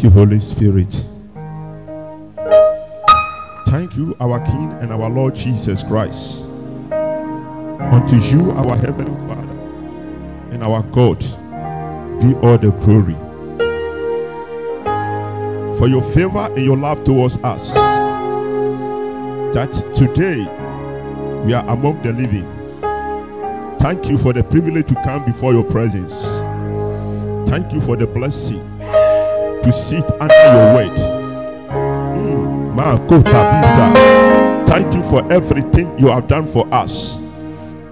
Thank you, Holy Spirit. Thank you, our King and our Lord Jesus Christ. Unto you, our Heavenly Father and our God, be all the glory. For your favor and your love towards us, that today we are among the living. Thank you for the privilege to come before your presence. Thank you for the blessing to sit under your word. Mm, Thank you for everything you have done for us.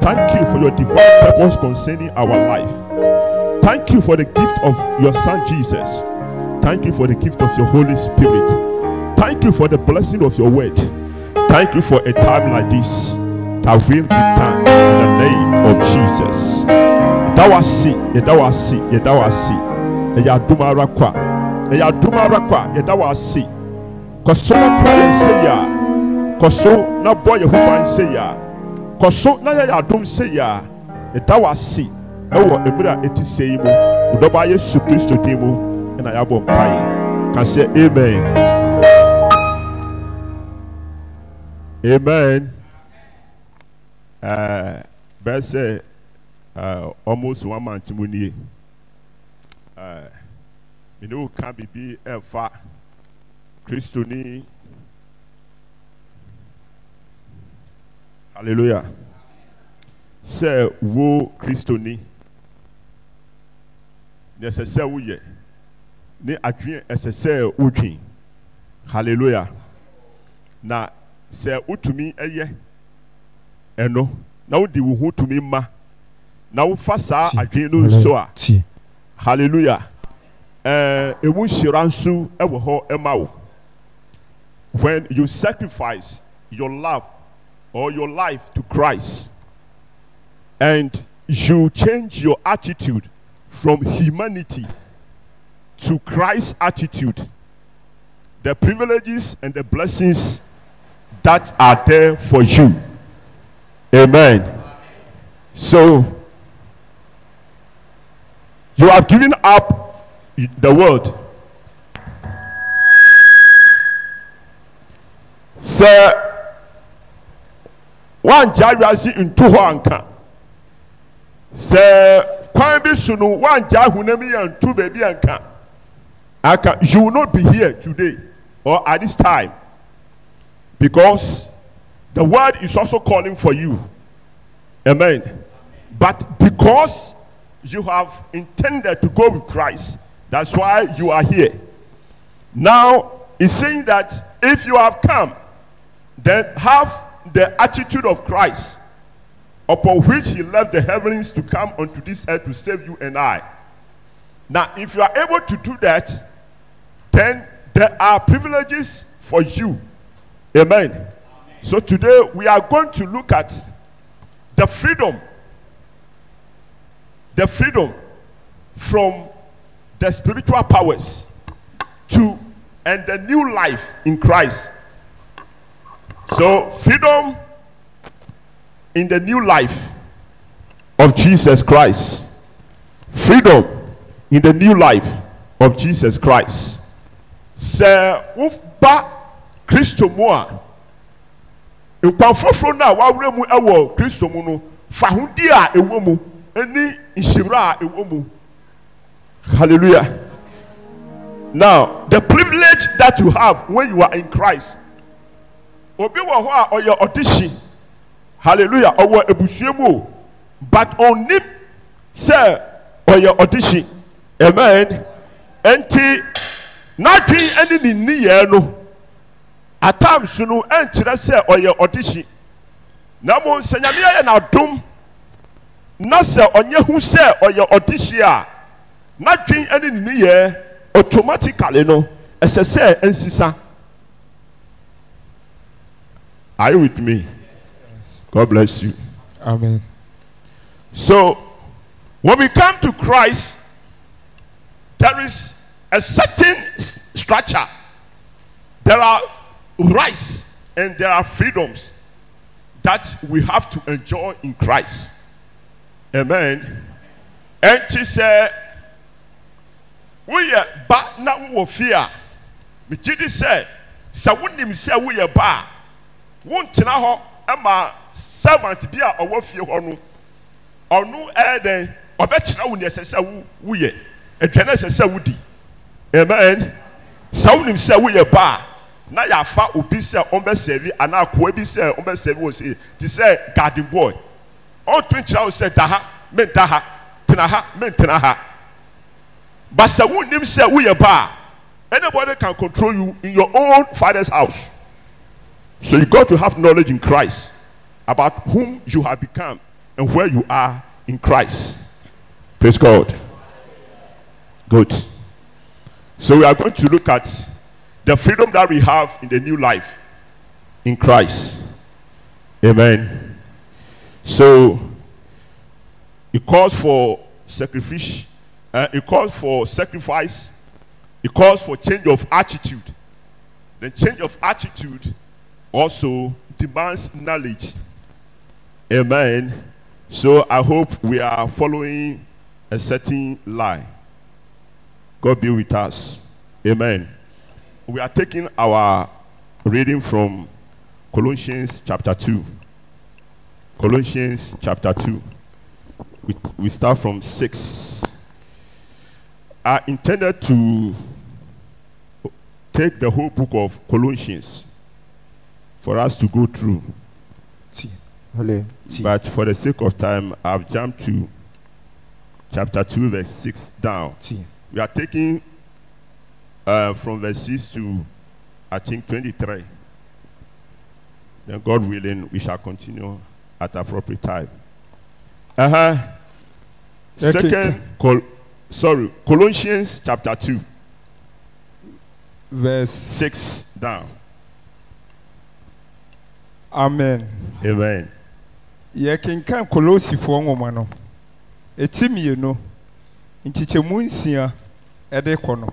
Thank you for your divine purpose concerning our life. Thank you for the gift of your Son Jesus. Thank you for the gift of your Holy Spirit. Thank you for the blessing of your word. Thank you for a time like this that will be done in the name of Jesus. Yedawasi, yedawasi, yedawasi. Yadumara kwa. ɛyɛ adum ara kɔ a yɛda wɔ ase kɔso na kora yɛn se yɛ kɔso na bɔ yɛn ho ban se yɛ a kɔso na yɛyɛ adum se yɛ a yɛda wɔ ase ɛwɔ mmerɛ a se yi mu ɔdɔba yesu kristo din mu ɛna yɛabɔ mpae ka sɛ amen amen ɛɛ bɛɛ sɛ ɛɛ almost one month mu nie ɛɛ mene woka biribi ɛmfa kristoni hallelujah sɛ wo kristoni ne ɛsɛ sɛ woyɛ ne adwene ɛsɛ sɛ wodwen hallelujah na sɛ wotumi ɛyɛ ɛno na wode wo ho tumi ma na wofa saa adwene no nso a hallelujah emu eh, when you sacrifice your love or your life to Christ and you change your attitude from humanity to Christ's attitude, the privileges and the blessings that are there for you. Amen. So, you have given up the world. say, one wiase in hɔ anka say kwambi sunu one no woangya honam yi antu baabi anka can you will not be here today or at this time because the word is also calling for you amen but because you have intended to go with christ that's why you are here. Now, he's saying that if you have come, then have the attitude of Christ, upon which he left the heavens to come unto this earth to save you and I. Now, if you are able to do that, then there are privileges for you. Amen. Amen. So today we are going to look at the freedom, the freedom from the spiritual powers to and the new life in Christ. So, freedom in the new life of Jesus Christ. Freedom in the new life of Jesus Christ. Sir woba Kristo mu a, nkwan na no mu wɔ Kristo mu no, fa mu eni nhyira a mu. Hallelujah. Now, the privilege that you have when you are in Christ. Obi wɔ hɔ audition. Hallelujah. Ɔwɔ ebusua mu o. But sir, sɛ your audition. Amen. Enti not ɛne ne ni no. Atam sunu no ɛnkyerɛ sɛ your audition. Na se sɛ nyame yɛ n'adom na sɛ ɔnyɛ hu sɛ ɔyɛ audition not ne any near automatically no say, and nsisa are you with me yes. god bless you amen so when we come to christ there is a certain structure there are rights and there are freedoms that we have to enjoy in christ amen and she said woyɛ ba na wowɔ fie a megye di sɛ sɛ wonim sɛ woyɛ ba a wontena hɔ ma servant bi a ɔwɔ fie hɔ no ɔno ɛyɛ dɛn ɔbɛkyerɛ wo neɛ ɛsɛ sɛ woyɛ aduane ɛsɛ sɛ wodi amen sɛ wonim sɛ woyɛ ba a na yɛafa obi sɛ ɔmbɛsɛvi anaa akoa bi sɛ ɔmbɛsɛvi wɔ se te sɛ garden boy ɔnto nkyerɛ wo sɛ da ha menta ha tena ha mentena ha but sɛ wonnim say who you are, anybody can control you in your own father's house so you got to have knowledge in christ about whom you have become and where you are in christ praise god good so we are going to look at the freedom that we have in the new life in christ amen so it calls for sacrifice uh, it calls for sacrifice. It calls for change of attitude. The change of attitude also demands knowledge. Amen. So I hope we are following a certain line. God be with us. Amen. We are taking our reading from Colossians chapter 2. Colossians chapter 2. We, we start from 6. are intended to take the whole book of Colossians for us to go through. But for the sake of time, I've jumped to chapter 2, verse 6 down. We are taking uh, from verse 6 to, I think, 23. Then, God willing, we shall continue at appropriate time. Uh huh. Second. Col- sorry, Colossians chapter 2, verse 6 down. Amen. Amen. Yɛkenkan Kolosifoɔ nwoma no, eti mmienu, nkyekyɛmu nsia ɛde kɔ no.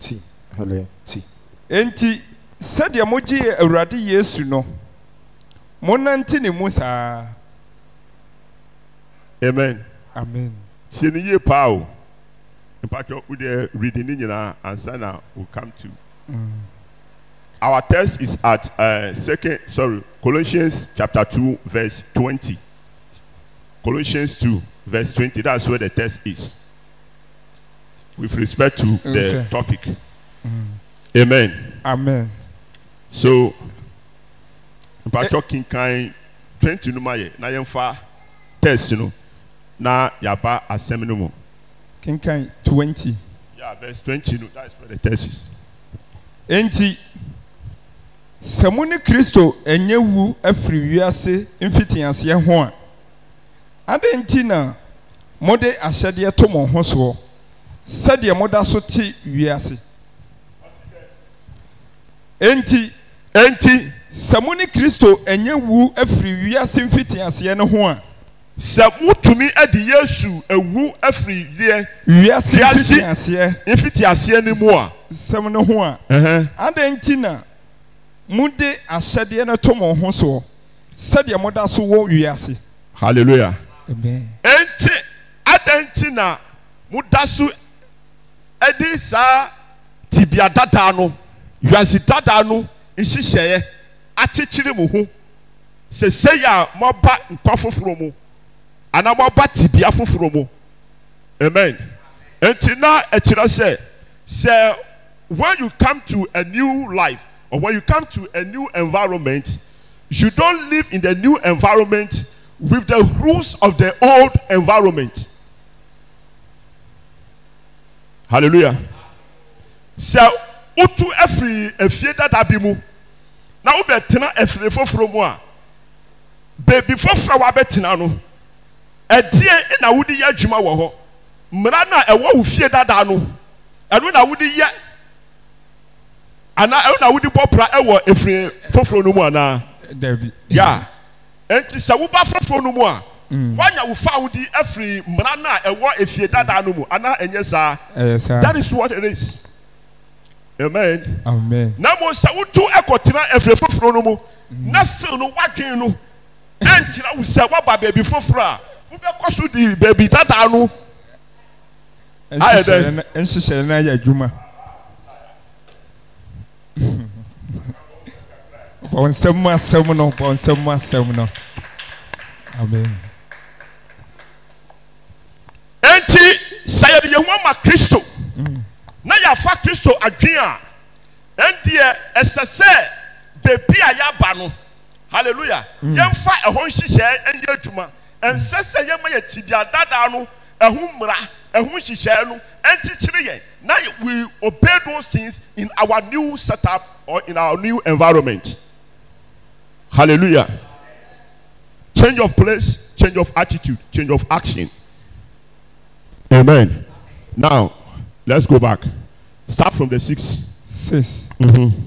Ti, hallelujah, ti. Enti, sɛdeɛ mogyee Awurade Yesu no, monante ne mu saa. Amen. Amen. Tie ne yie paa o mpatwɔ wode read ne nyinaa ansa na will come to mm. our text is at uh, second sorry colossians chapter two, verse twenty. colossians two, verse twenty. that's where the text is with respect to okay. the topic mm. amen amen so mpatwɔ kinkan 20 no ma yɛ na yɛmfa text no na yɛaba asɛm no mu kenkan twenty. yeah verse twenty no is for the thesis. enti sɛ mo ne kristo ɛnyɛ wu afiri wiase mfitiaseɛ ho a adɛn nti na mode ahyɛdeɛ to mo ho soɔ sɛdeɛ moda so te wiase enti enti sɛ mo ne kristo ɛnyɛ wu afiri wiase mfitiaseɛ no ho a sɛ mutumi ɛdi yesu ewu efiri deɛ. wiase nfiti aseɛ. nfiti aseɛ ni mu a. sɛm ne ho a. adan nti na mu de ahyɛdeɛ no to mo ho soɔ sɛdeɛ mo da so wɔ wiase. hallelujah. enti adan nti na mo da so ɛdi saa tibia dadaa no wiase dadaa no nhyehyɛeɛ akyekyere mo ho sɛ sɛ yɛ a mo aba nkwa foforɔ mu anaa moaba tibea foforɔ mu amen nti na ɛkyerɛ sɛ sɛ when you come to a new life or when you come to a new environment you don't live in the new environment with the rules of the old environment hallelujah sɛ wotu afiri efie dada bi mu na wobɛtena afiri foforɔ mu a beebi foforɔ a wabɛtena no. ɛdeɛ na wode yɛ adwuma wɔ hɔ mmara no a ɛwɔ wo fie dadaa no ɛno na wode yɛ anaa ɛno na wode bɔ pra ɛwɔ efiri foforɔ no mu anaa dabi ya nti sɛ woba foforɔ no mu a mm. wanya wo fa wo di afiri mmara a ɛwɔ efie dadaa no mu anaa ɛnyɛ saa ɛyɛ saa that is what it is amen amen na mo sɛ wotu ɛkɔtena efiri foforɔ no mu mm. na sèw no wadwin no ɛnkyerɛ wo sɛ waba beebi foforɔ a. wobɛkɔ so di baabi tataa no ayɛ dɛ nhyehyɛ no ayɛ adwuma bɔ nsɛm mu asɛm no bɔ nsɛm mu asɛm no amen enti sɛ yɛde yɛn ho ama kristo mm. na yɛafa kristo adwene a ɛndeɛ ɛsɛ sɛ beebi a yɛaba no hallelujah mm. yɛmfa ɛhɔ nhyehyɛ ɛnyɛ adwuma ɛnsɛ sɛ yɛma yɛ tibia dada no ɛho mmara ɛho nhyehyɛɛ no ɛnkyekyere yɛn na we obey those things in our new setup or in our new environment hallelujah change of place change of attitude change of action amen now let's go back start from the six. six. Mm-hmm.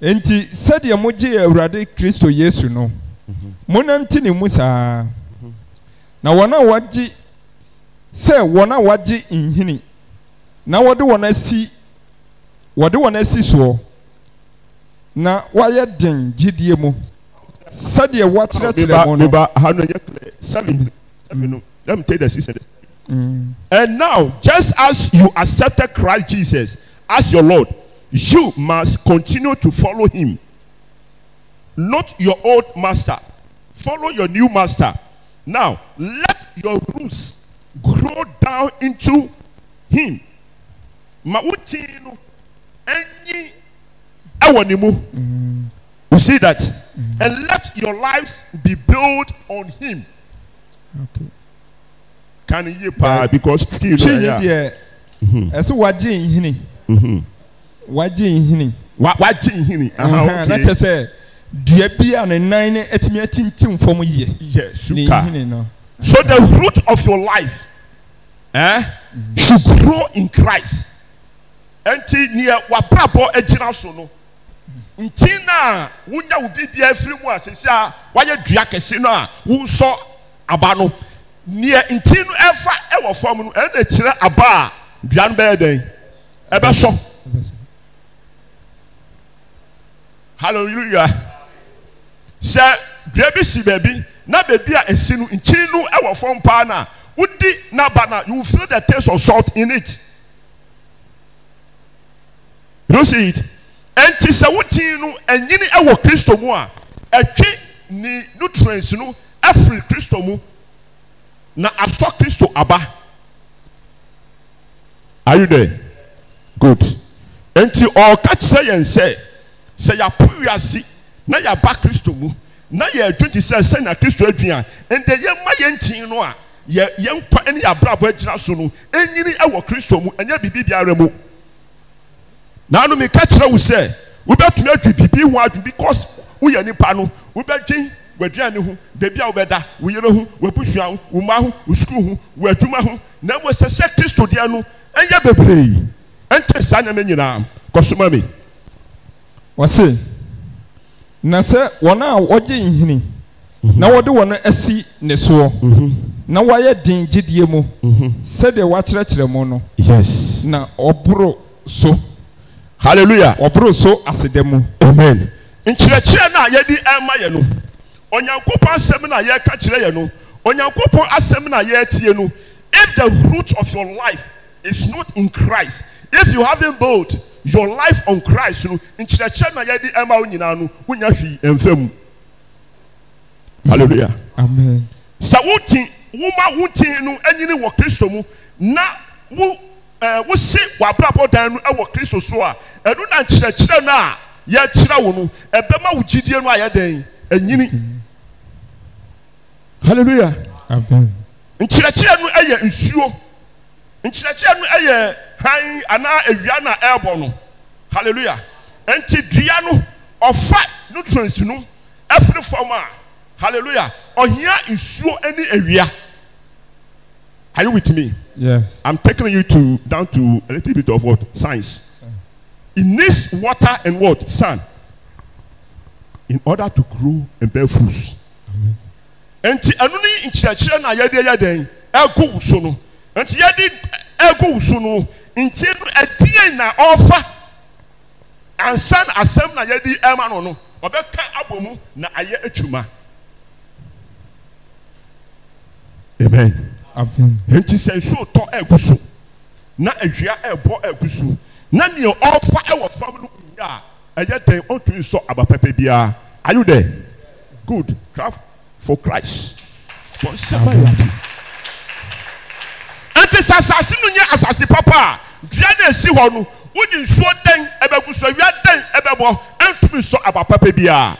nti sɛdeɛ mogye awurade kristo yesu no mm-hmm. monante ne mu saa. na wana waji se wana waji a wɔagye na wadu wɔn asi wɔde wɔn asi soɔ na waya den gyidie mu sɛdeɛ wɔakyerɛkyerɛ mo no. meba ha no yɛ clear seven let me tell the six mm. and now just as you accepted Christ Jesus as your Lord you must continue to follow him not your old master follow your new master. Now, let your roots grow down into him. Ma wuti no enyi ɛwɔ ne mu. You see that? Mm-hmm. And let your lives be built on him. Okay. Can you paa because he is there. Kí ni deɛ ɛsɛ wagye nhini. Wagye nhini. Wagye nhini. Na kyerɛ sɛ deɛ bi a ne nan ne atumi atintim fam yɛ ne yini no. so the root of your life eh, should grow in Christ nti nea wabrabɔ agyina so no nti na wunya wo bibia afiri mu a sisi a wayɛ dua kɛse no a aba no nea nti no ɛfa ɛwɔ fam no ɛna kyerɛ aba a dua no bɛyɛ dɛn ɛbɛsɔ hallelujah sɛ dua bi si baabi na baabi a esi no nkyin no wɔ fam paa na wodi n'aba na you feel the taste of salt in it you see it ɛnti sɛ wotin no ɛnyini wɔ kristo mu a ɛtwi ne nutrients no afiri kristo mu na asɔ kristo aba are you there good ɛnti ɔka kyerɛ yɛn sɛ sɛ yɛapo wiase na yɛaba kristo mu na yɛadwu te sɛ sɛnea kristo adwin a ɛnde yɛma yɛn ntin no a yɛ yɛn nkwa ne yɛabrabɔ agyina so no ɛnyini ɛwɔ kristo mu ɛnyɛ biribi biara mu naanu mi ka kyerɛ wo sɛ wobɛtumi adwi biribi ho adwi because woyɛ nipa no wobɛdwin w'aduane ho beebi a wobɛda wo yere ho w'abusua ho wo ho wo ho wo ho na mo sɛ sɛ kristo deɛ no ɛnyɛ bebree ɛnkyɛ saa nneɛma nyinaa kɔsoma mi. wɔsi. na sɛ wɔn a wɔgye nhini na wɔde wɔn asi ne soɔ mhm. na wɔayɛ den gyidie mu mhm. sɛdeɛ wɔakyerɛkyerɛ mu no yes na ɔboro so hallelujah ɔboro so aseda mu amen nkyerɛkyerɛ no a yɛde ɛma yɛ no onyankopɔn asɛm no a yɛreka kyerɛ yɛ no onyankopɔn asɛm no a yɛretie no if the root of your life is not in christ if you haven't built your life on christ no nkyerɛkyerɛ na yɛde ɛma wo nyinaa no wonya hwii ɛmfa mu hallelujah amen sɛ wotin woma wotin no anyini wɔ kristo mu na wo ɛɛ eh, wosi w'abrabɔ dan no ɛwɔ kristo so a ɛnu na nkyerɛkyerɛ no a yɛkyerɛ wo no ɛbɛma wo gyidie no a yɛdɛn ɛnyini hallelujah amen nkyerɛkyerɛ no ɛyɛ nsuo. nkyerɛkyerɛ no yɛ hann anaa awia na ɛrebɔ no hallelujah nti dua no ɔfa nutrients no ɛfiri fam a hallelujah ɔhia nsuo ne awia are you with me. yes i'm taking you to down to a little bit of what science it needs water and what sun in order to grow and bear fruits. nti ɛnu ni nkyerɛkyerɛ na yɛde yɛ den ɛgu wusu no. nti yɛde egu so no nti ɛdiyɛ na ɔfa ansan asɛm na yɛde ɛma no no ɔbɛka abɔ mu na ayɛ atwuma amen nti sɛ nsuo tɔ egu so na awia ɛbɔ egu so na nea ɔfa ɛwɔ fam no nyɛ a ɛyɛ dɛn ɔntumi nsɔ aba pɛpɛ are you there good craft for christ adi. ɛte sɛ asase no nyɛ asase papa a dua na esi hɔ no wodi nsuo dɛn ɛbɛgu so awia dɛn ɛbɛbɔ ɛntumi nsɔ aba papa biara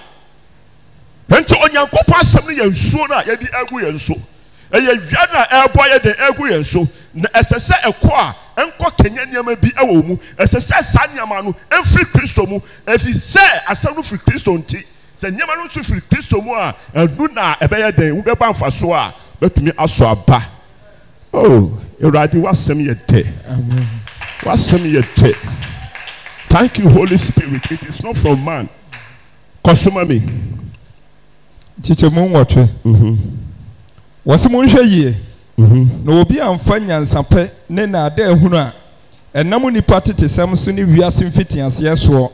nti onyankopɔn asɛm no yɛ nsuo no a yɛde agu yɛn so ɛyɛ wia no a ɛrebɔ yɛ de agu yɛn so na ɛsɛ sɛ ɛkɔ a ɛnkɔ kɛnyɛ nneɛma bi ɛwɔ mu ɛsɛ sɛ saa nneɛma no ɛmfiri kristo mu ɛfi sɛ asɛm no firi kristo nti sɛ nneɛma no nso firi kristo mu a ɛnu na ɛbɛyɛ dɛn wobɛba mfa so a bɛtumi asɔ aba oh. Awurade w'asɛm yɛ dɛ. W'asɛm yɛ dɛ. Thank you Holy spirit it is not from man. Kɔsoma mi. Kyikyɛmu nwɔtwe. Mhm. Wɔsi mu nhwɛ yie. Mhm. Na obi amfa nyansapɛ ne nnaada ehunu a ɛnam nipa tete sɛm so ne wiase mfitiaseɛ soɔ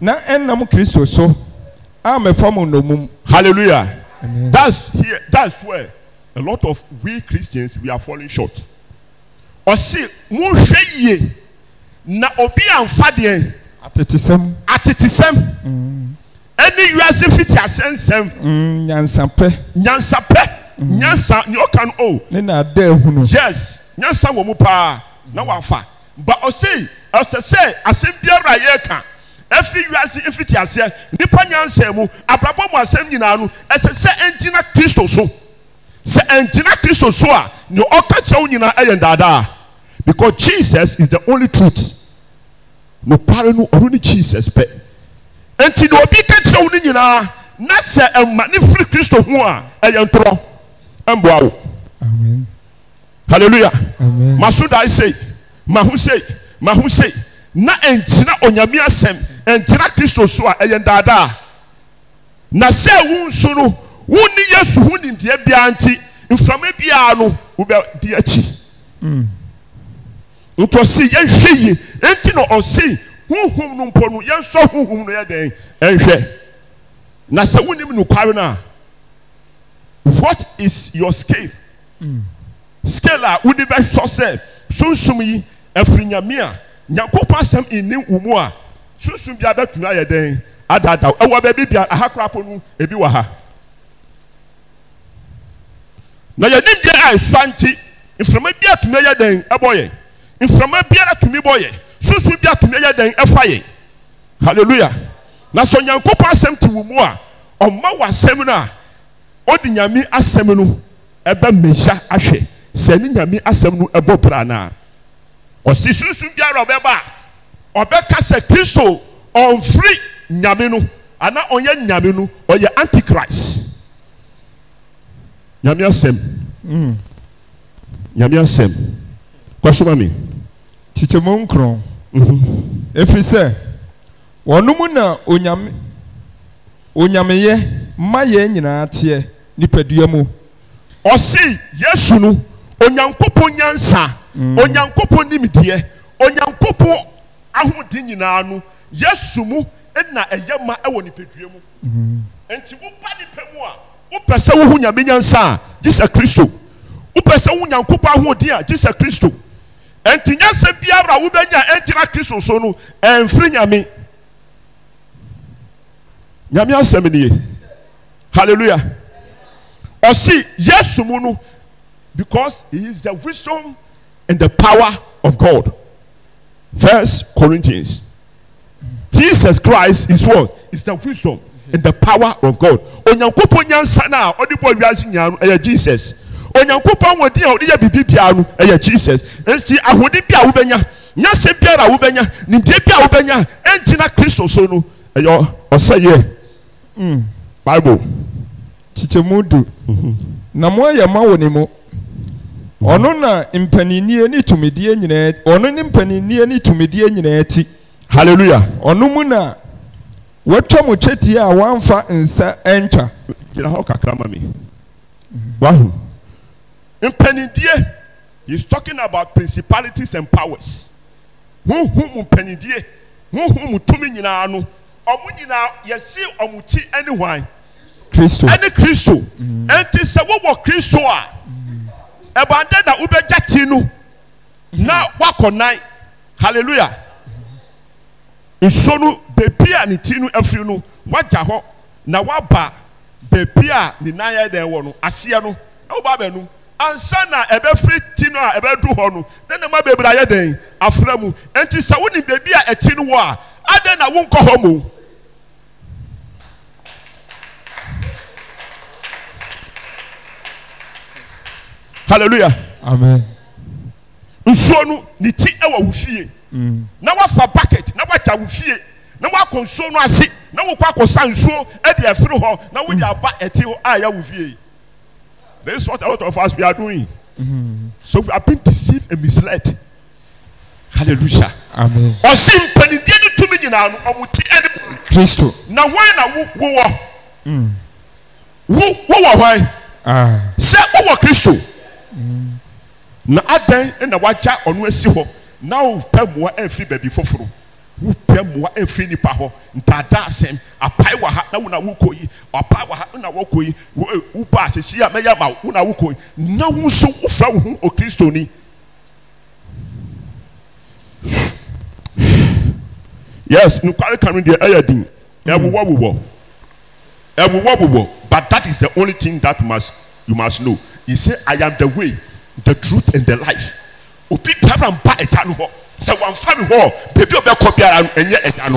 na ɛnam kristo so a mɛfa mu nnomum. Hallelujah. That's here that's where a lot of we Christians we are falling short ɔsi monhwɛ yie na obi anfa deɛ atetesɛm atetesɛm mm. ɛne wiase fiti asɛnsɛm mm, nyansapɛ nyansapɛ mm. nyansa ni ɔka no o oh. ne na ada ehunu yes nyansa wɔ mu paa na wafa ba ɔsi ɔsɛ sɛ asɛm biara a yɛreka efi wiase efiti aseɛ nipa nyansa mu abrabɔ mu asɛm nyinaa no ɛsɛ sɛ ɛngyina kristo so sɛ ɛngyina kristo so a ne ɔka kyɛw nyinaa ɛyɛ daadaa because jesus is the only truth nokware no ɔno ne jesus pɛ nti na obi ka kyerɛ wo no nyinaa na sɛ ɛma ne firi kristo ho a ɛyɛ ntorɔ mboa wo hallelujah maso dae sei maho sei maho sei na nkyina onyame asɛm nkyina kristo so a ɛyɛ ndaadaa na sɛ wo nso no wonni yesu ho nimdeɛ biara nti mframa biara no wobɛdi akyi mm ntɔsi yɛnhwɛ yi enti na ɔsi huhum no mpo no yɛnsɔ huhum no yɛ dɛn ɛnhwɛ na sɛ wonim nokware no a what is your scale mm. scale a wode bɛsɔ sɛ sunsum yi afiri nyame a nyankopɔn asɛm nni wo mu a sunsum bia bɛtumi ayɛ dɛn adaadaw ɛwɔ baabi bia aha korapo no ebi wɔ ha na yɛnim deɛ a ɛsa nti mframa bi atumi ayɛ dɛn ɛbɔ yɛn mfrɛma biara tumi bɔ yɛ sunsum bi a tumi yɛ dɛn ɛfa yɛ halleluia na sɛ nyankopɔn asɛm te wɔ mu a ɔma wɔ asɛm no a ɔde nyame asɛm no ɛbɛ mmahya ahwɛ sɛne nyame asɛm no ɛbɔ brɛnaa ɔsi sunsum biara ɔbɛba a ɔbɛka sɛ kristo ɔnfri nyame no anaa ɔyɛ nyame no ɔyɛ antichrist name asɛ nyame asɛm mm. kɔsoma ne kyekyɛmu nkron ɛfiri mm-hmm. sɛ wɔnom na onyame onyameyɛ mma yɛn nyinaa teɛ nipadua mu ɔse yesu no onyankopɔn nyansa mm. onyankopɔn nimdeɛ onyankopɔn ahode nyinaa no yesu mu na ɛyɛ ma wɔ nipadua mu mm-hmm. nti woba nipa mu a wopɛ sɛ wohu nyame nyansa a jesus kristo wopɛ sɛ wohu nyankopɔn ahoɔden a jesus kristo nti nyansa bi biara wobɛnya ɛnkyerɛ kristo so no ɛmfiri nyame nyame asɛm nie hallelujah ɔsi yesu mu no because he is the wisdom and the power of god first corinthians jesus christ is what is the wisdom and the power of god onyankopɔn nyansa no a ɔde bɔ wiase nyinaa no ɛyɛ jesus onyankopɔn wɔ din a ɔde yɛ biribi biara no ɛyɛ jesus nti ahode bi a wobɛnya nyase biara a wobɛnya nimdeɛ bi a wobɛnya ɛngyina kristo so no ɛyɛ ɔsɛyɛ hmm. bible kyekyɛmu du mhm. na moayɛ ma wɔ ne mu mhm. ɔno na mpanyinie ne tumidie nyinaa ɔno ne mpanyinie ne tumidie nyinaa ti hallelujah ɔno mu na wɔatwa mo twetia a wɔamfa nsa ntwa gyina hɔ kakra ma me wahu He is talking about principalities and powers huhum mpanidie huhum tumi nyinaa no ɔmo nyinaa yasi ɔmo ti ɛne hwan kristo ɛne kristo ɛnti mm. sɛ wowɔ kristo a mm. ɛbɛnde na wobɛgya ti no mm. na wakɔ nan hallelujah Nso no beebi a ne ti no afiri no wagya hɔ na waba beebi a ne nan yɛ dɛn wɔ no aseɛ no na woba abɛnum. ansa na ɛbɛfiri ti no a ɛbɛdu hɔ no dɛn na ma bebree ayɛ dɛn afra mu nti sɛ wonim beebi a ɛti no wɔ a adɛn na wonkɔ hɔ mo. hallelujah amen nsuo no ne ti wɔ mm. wo fie na wafa bucket na wagya wo fie na wakɔ nsuo no ase na wokɔ akɔsa nsuo de afiri hɔ na wode aba ɛti hɔ a ɛyɛ wo fie. This is what a lot of us we are doing. Mm-hmm. So we are being deceived and misled. Hallelujah. Amen. Ọ̀sìn mpẹ̀nidíẹ́ ni túnbí nyinaa ọ̀mù ti ẹni. Kristo. Na wọ́n na wọ́n wọ́. Wọ́n wọ̀ wọ́n. Sẹ́ wọ́n wọ̀ Kristo. Na adẹ́n na wàá gya ọ̀nù ẹ̀sì hɔ. Na òun pẹ̀ mọ́ ẹ̀ fi bẹ̀ẹ̀bi foforo wopɛ mmoa ɛmfiri nipa hɔ ntaadaa asɛm apae wɔ ha na wo wokɔ yi apae wɔ ha na wɔkɔ yi eh, woba asesi a mɛyɛ ma wo wokɔ yi na wo nso wofra wo ho okristoni yes nukwari kanu deɛ ɛyɛ din ɛwowɔ wowɔ ɛwowɔ wowɔ but that is the only thing that must you must know he say i am the way the truth and the life obi pɛrɛ mpa ɛta no hɔ. mfa me hɔbebi a ɔbɛkɔ biara no ɛyɛ ɛga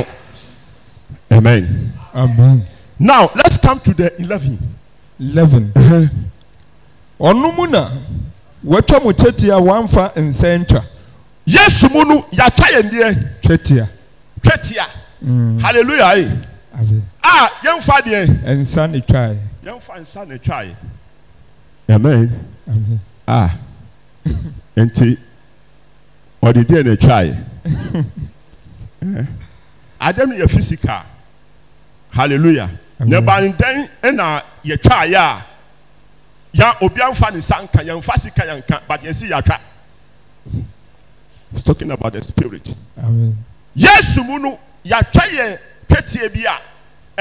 no mnn no lets com to 111 uh-huh. ɔno mu na wɔatwa mo kyɛtea wamfa nsɛ ntwa yɛ sumu no yɛatwa yɛn deɛn twɛtea twɛtiaalelayɛmfdeɛ mm. nsane twamnn ɔde deɛ na atwae eh? adeɛ no yɛ physical hallelujah na bandan na yɛtwaeɛ a ya obi amfa ne nsa nka yɛmfa sika nka. but yɛsi yɛatwa He's talking about the spirit yesu mu no yɛatwa yɛn ketie bi a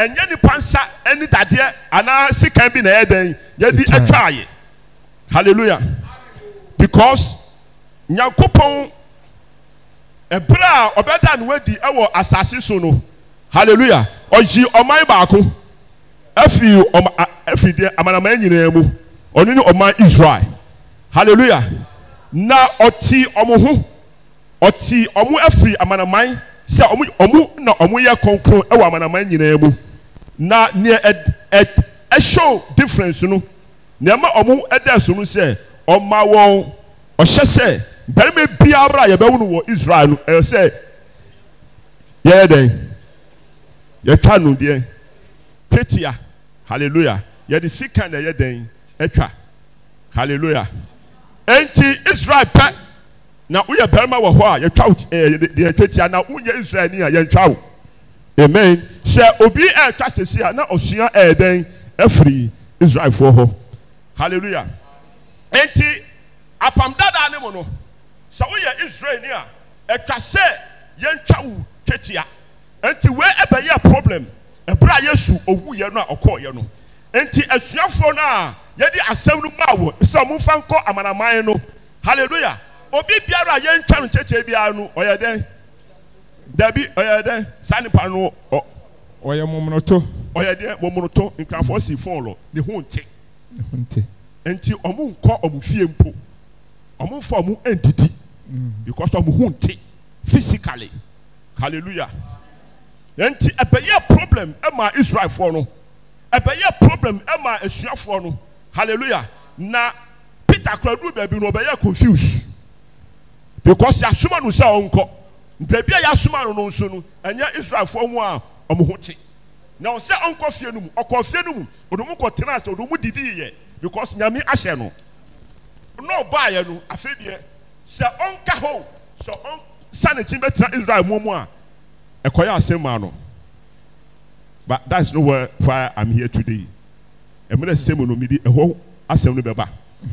ɛnyɛ nipa nsa ne dadeɛ anaa sika bi na ɛyɛ dɛn yɛde atwa ayɛ hallelujah because nyankopɔn. ebere a ɔbɛda ne wadi wɔ asase so no hallelujah ɔyi ɔman baako efi ɔma efi deɛ amanaman nyinaa mu ɔno ne ɔman israel hallelujah na ɔti ɔmo ho ɔti ɔmo efiri amanaman sɛ ɔmo ɔmo na ɔmo yɛ kɔnkɔn ɛwɔ amanaman nyinaa mu na nea ɛ ɛ ɛhyɛw difference no nea ɛma ɔmo ɛda so no sɛ ɔma wɔn ɔhyɛ sɛ. barima biara a yɛbɛwo no wɔ israel no ɛyɛ sɛ yɛyɛ dɛn yɛtwa no deɛ twetia hallelujah yɛde sika na ɛyɛ dɛn ɛtwa hallelujah enti israel pɛ na woyɛ barima wɔ hɔ a yɛtwa ɛɛ deɛ twetia na wonyɛ israel ni a yɛntwa wo amen sɛ obi ɛɛtwa sisi a na ɔsua ɛyɛ dɛn Israel israelfoɔ hɔ hallelujah enti apam dada ne mu no sɛ woyɛ israelni a ɛtwa sɛ yɛntwa wo twetia nti wei ɛbɛyɛ problem ɛberɛ a yesu owuyɛ no a ɔkɔɔyɛ no nti asuafoɔ no a yɛde asɛm no maa wɔ sɛ momfa nkɔ amanaman no halleluya obi biara a yɛntwa no kyekyɛ biara no ɔyɛ dɛn dabi ɔyɛ dɛn saa nipa no ɔ ɔyɛ mɔmɔnɔtɔ ɔyɛ dɛn mɔmɔnɔtɔ nkrafoɔ si fɔlɔ ne ho nte ne ho nte nti ɔmo nkɔ ɔmo fie mpo ɔmo nfa ɔmo ndidi Mm-hmm. because ɔmo ho nte physically hallelujah nti ɛbɛyɛ problem ɛma israelfoɔ no ɛbɛyɛ problem ɛma esuafoɔ no hallelujah na peter koraduru baabi no ɔbɛyɛ confuse because yasoma no sɛ ɔnkɔ baabi a yasoma no no nso no ɛnyɛ israelfoɔ ho a ɔmo ho te na ɔsɛ ɔnkɔ fie no mu ɔkɔ fie no mu ɔde mu kɔ tena ase ɔde didi yɛ because nyame ahyɛ no na ɔbaa yɛ no afei deɛ. sɛ ɔnka hɔ sɛ ɔ sane ti bɛtena israel hoa mu a ɛkɔyɛ asɛm ma no bthasn m he today mrɛ sɛmu no midi ɛhɔ asɛm no bɛba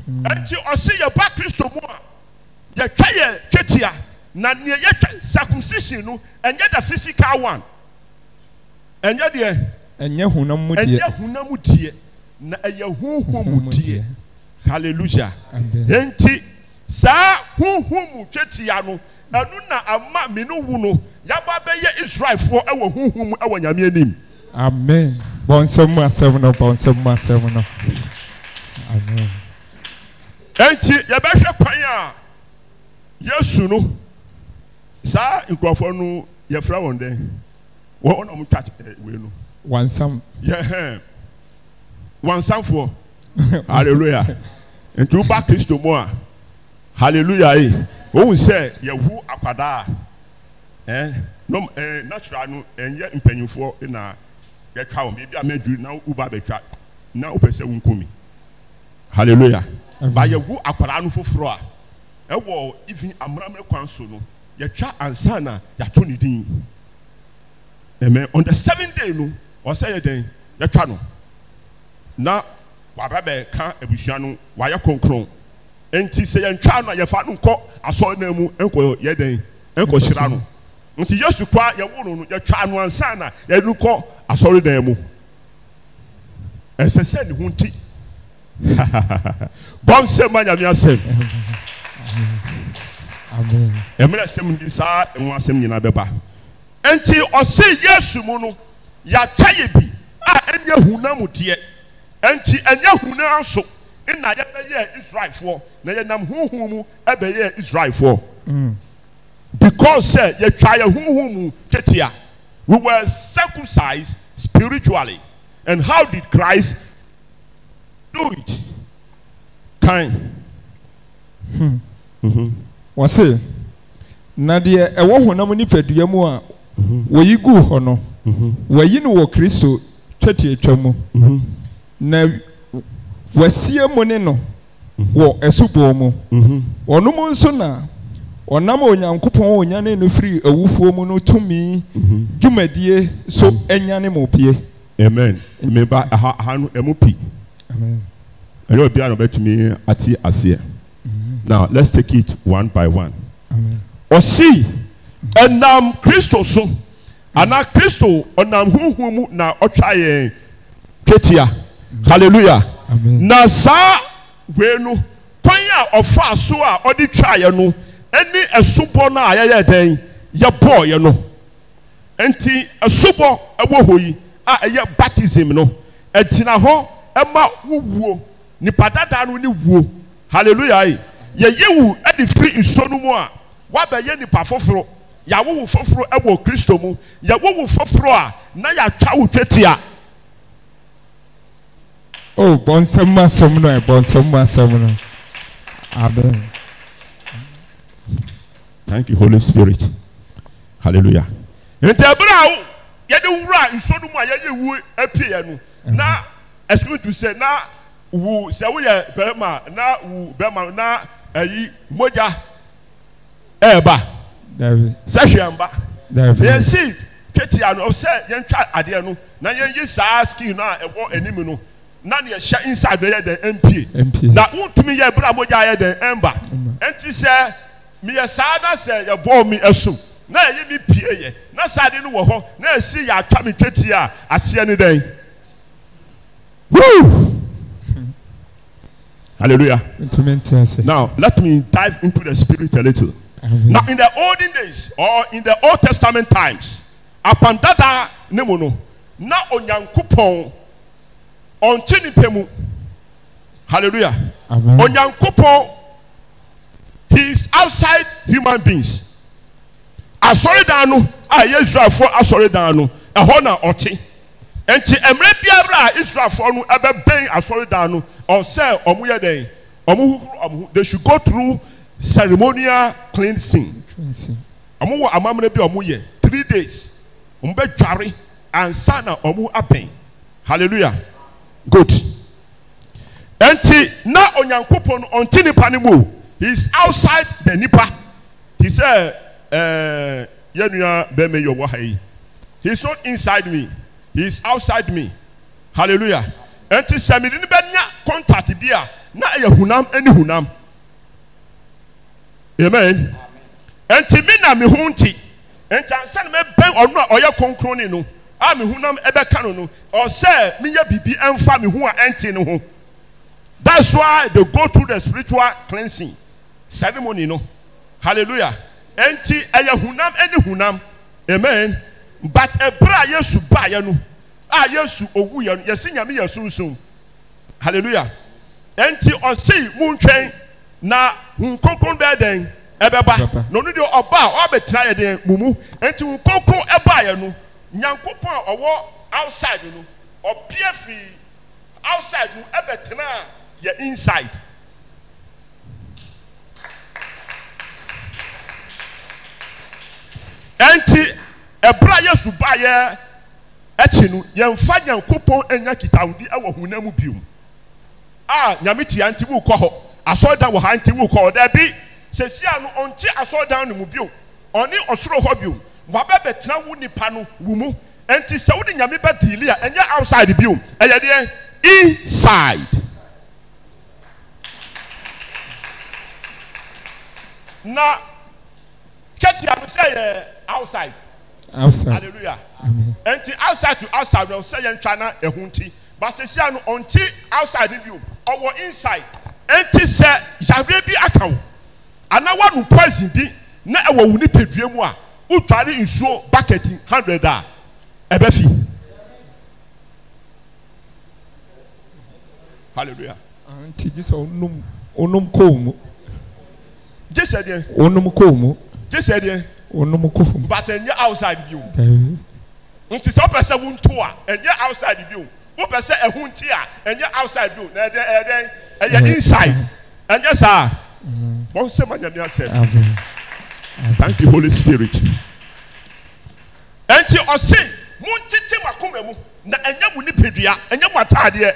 ɛnti mm-hmm. ɔse yɛba kristo mu a yɛtwa yɛ twɛtia na neɛ yɛtwa sacomsisin no ɛnyɛ da pfysical 1 ɛnyɛ deɛ ɛnyɛ hunamudiɛ na ɛyɛ hoho mu diɛ haleluja ɛnti saa huhum twetia no ɛnu na ama mene wu no yaba bɛyɛ israelfoɔ ɛwɔ huhum ɛwɔ nyame anim amen bɔnsɛm mu asɛm no bɔnsɛm mu asɛm no amen enti yɛbɛhwɛ kwan a yesu no saa nkurɔfoɔ no yɛfrɛ wɔn dɛn wɔn na wɔn twa eh, wei no wansam yɛhɛn wansamfoɔ hallelujah nti woba kristo mu a hallelujah yi eh. ohun sɛ yɛwu akwadaa ɛɛ eh, nom ɛɛ eh, natural no ɛnyɛ mpanyinfoɔ na yɛtwa wɔn ebi amadu na uba abɛtwa na wopɛ sɛ nkomi hallelujah ba yɛwu akwadaa no foforɔ a ɛwɔ e even amuramurɛ kwan so no yɛtwa ansa na yɛato ne din ɛmɛ on the seven day no ɔsɛ yɛ dɛn yɛtwa no na wabɛbɛ ka abusua no wayɛ kronkron. nti sɛ yɛntwa no a yɛfa no nkɔ asɔre no mu nkɔ yɛ dɛn nkɔ hyira no nti yesu kwa yɛwo no no yɛtwa no ansa na yɛde kɔ asɔre dan mu ɛsɛ sɛ ne ho nti bɔ nsɛm a nyame asɛm ɛmerɛ asɛm di saa ɛho asɛm nyinaa bɛba nti ɔse yesu mu no yɛatwa yɛ bi a ɛnyɛ hunam deɛ nti ɛnyɛ hunam so nna Israel israelfoɔ na yɛnam huhu mu Israel israelfoɔ mm. because sɛ yɛtwa yɛ huhu mu we were circumcised spiritually and how did Christ do it kind. Hmm. Mm-hmm. wɔse na deɛ ɛwɔ honam nipadua mu a mm-hmm. wɔyi guu hɔ no mm-hmm. wɔyi no wɔ kristo twetiatwa mu na wɔasie mu ne no wɔ asubɔn mu mm-hmm. ɔnom nso na ɔnam onyankopɔn onyane no firi awufoɔ mu no tumi mm-hmm. dwumadie so mm-hmm. anyane mu pie amen mmeba aha no ɛmu pi ɛnyɛ obiara na ɔbɛtumi ate aseɛ now let's take it one by one ɔsi ɛnam kristo so ana kristo ɔnam huhu mu na ɔtwa yɛn twetia hallelujah. na saa wee no kwan a ɔfaa so a ɔde twaeɛ no ne ɛsobɔ no a yɛyɛ dɛn yɛbɔɔeɛ no nti ɛsobɔ ɛwɔ hɔ yi a ɛyɛ baptism no ɛgyina hɔ ɛma wowuo nipa dada no ne wuo hallelujah yi yɛyɛ wu ɛde firi nsuo no mu a wabɛyɛ nipa foforɔ yɛawo wo foforɔ ɛwɔ kristo mu yɛwo wo foforɔ a na yɛatwa wo twetia. Oh, bɔ nsɛm mu asɛm no ɛbɔ eh, nsɛm no amen. thank you holy spirit hallelujah. nti abira awo yɛde wura nsodom a yɛyɛ wu apie yɛ no na ɛsibitu sɛ na wu sɛ woyɛ bɛrima na wu bɛrima na ɛyi mogya ɛɛba sɛhwɛnba yɛn si twetia no ɔsɛ yɛn twa adeɛ no na yɛn yi saa skin no ɛwɔ anim no na ne yɛhyɛ inside no yɛ dɛn mpie na ntumi yɛ ebura mogya yɛ dɛn ɛmba nti sɛ miyɛ saa na sɛ yɛbɔ mi ɛsum na yɛyi mi pie yɛ na saade no wɔ hɔ na esi yɛ atwa mi twɛti a aseɛ ne dɛn woo hallelujah now let me dive into the spirit a little Amen. now in the olden days or in the old testament times upon ne mu no na onyankopɔn ɔnkye nipa mu hallelujah onyankopɔn he is outside human beings asɔredan no a ɛyɛ israelfoɔ asɔredan no ɛhɔ na ɔte nti mmerɛ biara a israelfoɔ no ɛbɛbɛn asɔredan no ɔsɛ ɔmo yɛ dɛn ɔmo huhuru ɔmo they should go through ceremonial cleansing ɔmo wɔ amammerɛ bi ɔmo yɛ three days ɔmo bɛ dware ansa na ɔmo abɛn hallelujah good nti na onyankopɔn no ɔnte nipa no mu he is outside the nipa He sɛ ɛɛ yɛn nua bɛrima yi ɔwɔ ha yi he is not inside me he is outside me hallelujah nti sɛmìdì ni bɛ nya contact bi a na ɛyɛ hunam ɛne hunam amen nti mi na mi ho nti nti ansa na mi bɛn ɔno a ɔyɛ konkroni no a me honam ɛbɛka no no ɔsɛ meyɛ bibi ɛmfa me ho a ɛnte no ho that's why they go through the spiritual cleansing ceremony no hallelujah ɛnti ɛyɛ honam ɛne honam amen but ɛberɛ a yesu baeɛ no a yesu owu yɛ no yɛsi nyame yɛ sunsun hallelujah ɛnti ɔsi mu ntwɛn na nkonkon bɛɛ dɛn ɛbɛba na onu deɛ ɔba a ɔbɛtena yɛ dɛn mumu ɛnti nkonkon ɛbaeɛ no. nyankopɔn a ɔwɔ outside no ɔpie fi outside no ɛbɛtena a yɛ inside ɛnti ɛberɛ a yesu baeɛ akyi no yɛmfa nyankopɔn anya kitawodi ɛwɔ hona mu biom a nyame tia nti wokɔ hɔ asɔredan wɔ ha nti wokɔ hɔ daabi sɛsia no ɔnte asɔredan no mu bio ɔne ɔsoro hɔ biom wabɛbɛtena wo nipa no wo mu nti sɛ wode nyame bɛ diili a ɛnyɛ outside bio ɛyɛ deɛ inside na kɛtia no sɛ yɛ outside outside amen nti outside to outside no sɛ yɛntwa na ɛho nti basesia no ɔnti outside no bio ɔwɔ inside nti sɛ yareɛ bi aka wo anaa woanu poison bi na ɛwɔ wo nipadua mu a wotware nsuo bakɛti hundred a ɛbɛ fi hallelujah. nti jisɛ onum onum kow mu. jisɛ deɛ. onum kow mu. jisɛ deɛ. onum kow mu. but ɛnyɛ outside bi o. nti sɛ ɔpɛ sɛ wuntu a ɛnyɛ outside bi o wopɛ sɛ ɛho nti a ɛnyɛ outside bi o na ɛdɛ ɛdɛ ɛyɛ inside ɛnyɛ saa wɔn nsɛm anyamia sɛ thank you holy spirit ɛnti ɔsi mu ntete mu akoma mu na ɛnyɛ mu nipadua ɛnyɛ mu ataadeɛ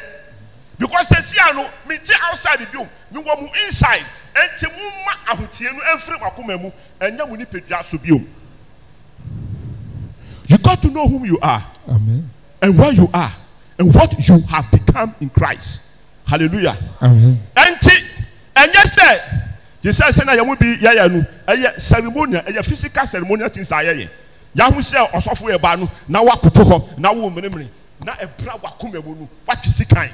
because sɛsi ano mi ti outside bi o mi wɔ mu inside ɛnti mu ma ahotie no ɛnfiri mu akoma mu ɛnyɛ mu nipadua so bi o you got to know whom you are Amen. and where you are and what you have become in christ hallelujah ɛnti ɛnyɛ sɛ te sɛ sɛ na yɛn bi yɛyɛ nu. ɛyɛ ceremonial ɛyɛ physical ceremonial things a yɛyɛ Yahu sɛ ɔsɔfo yɛ baa no na wakoto hɔ na wo mmeremere na ɛbra wakoma mu no watwe sikan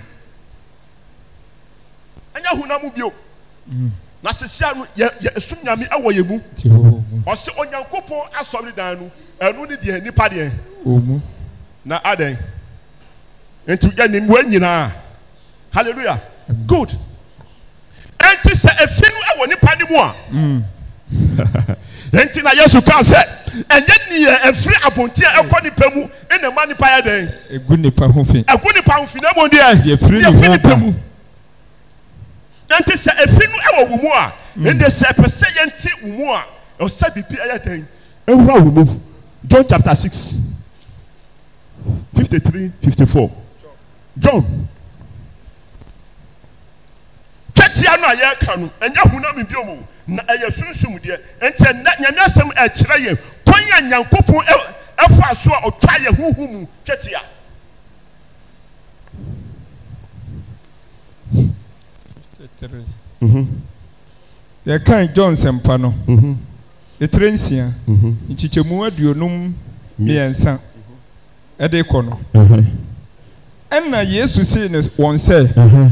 ɛnyɛ ahuna mu bio mm. na sisia no yɛ yɛ esum nyame ɛwɔ yɛ mu ɔsi onyankopɔn asɔre dan no ɛnu ni deɛ nipa deɛ na adan nti yɛ nimu nyinaa hallelujah good. Mm -hmm ɛnti sɛ efi no wɔ nipa ne mu a ɛnti hmm. na yesu kaa sɛ ɛnyɛ nea efiri abonti a ɛkɔ nipa mu ɛna ma nipa yɛ dɛn egu nipa ho fi egu nipa ho fi na mo deɛ yɛfiri nipa mu ɛnti sɛ efi no wɔ wo mu a ɛnde hmm. sɛ ɛpɛ sɛ yɛnti wo mu a ɔsɛ bibi ɛyɛ dɛn ewura wo mu john chapter six fifty three fifty four john. adeɛ no a yɛreka no ɛnyɛ honam bio mu na ɛyɛ sunsum deɛ nkyɛn nɛ nyame asɛm ɛkyerɛ yɛ kwan a nyankopɔn ɛfa so a ɔtwa yɛ huhu mu twetia mhm. yɛkan john sɛmpa no mhm. ɛtire nsia mhm. nkyekyɛmu aduonum mmiɛnsa ɛde kɔ no ɛnna yesu sii ne wɔn sɛ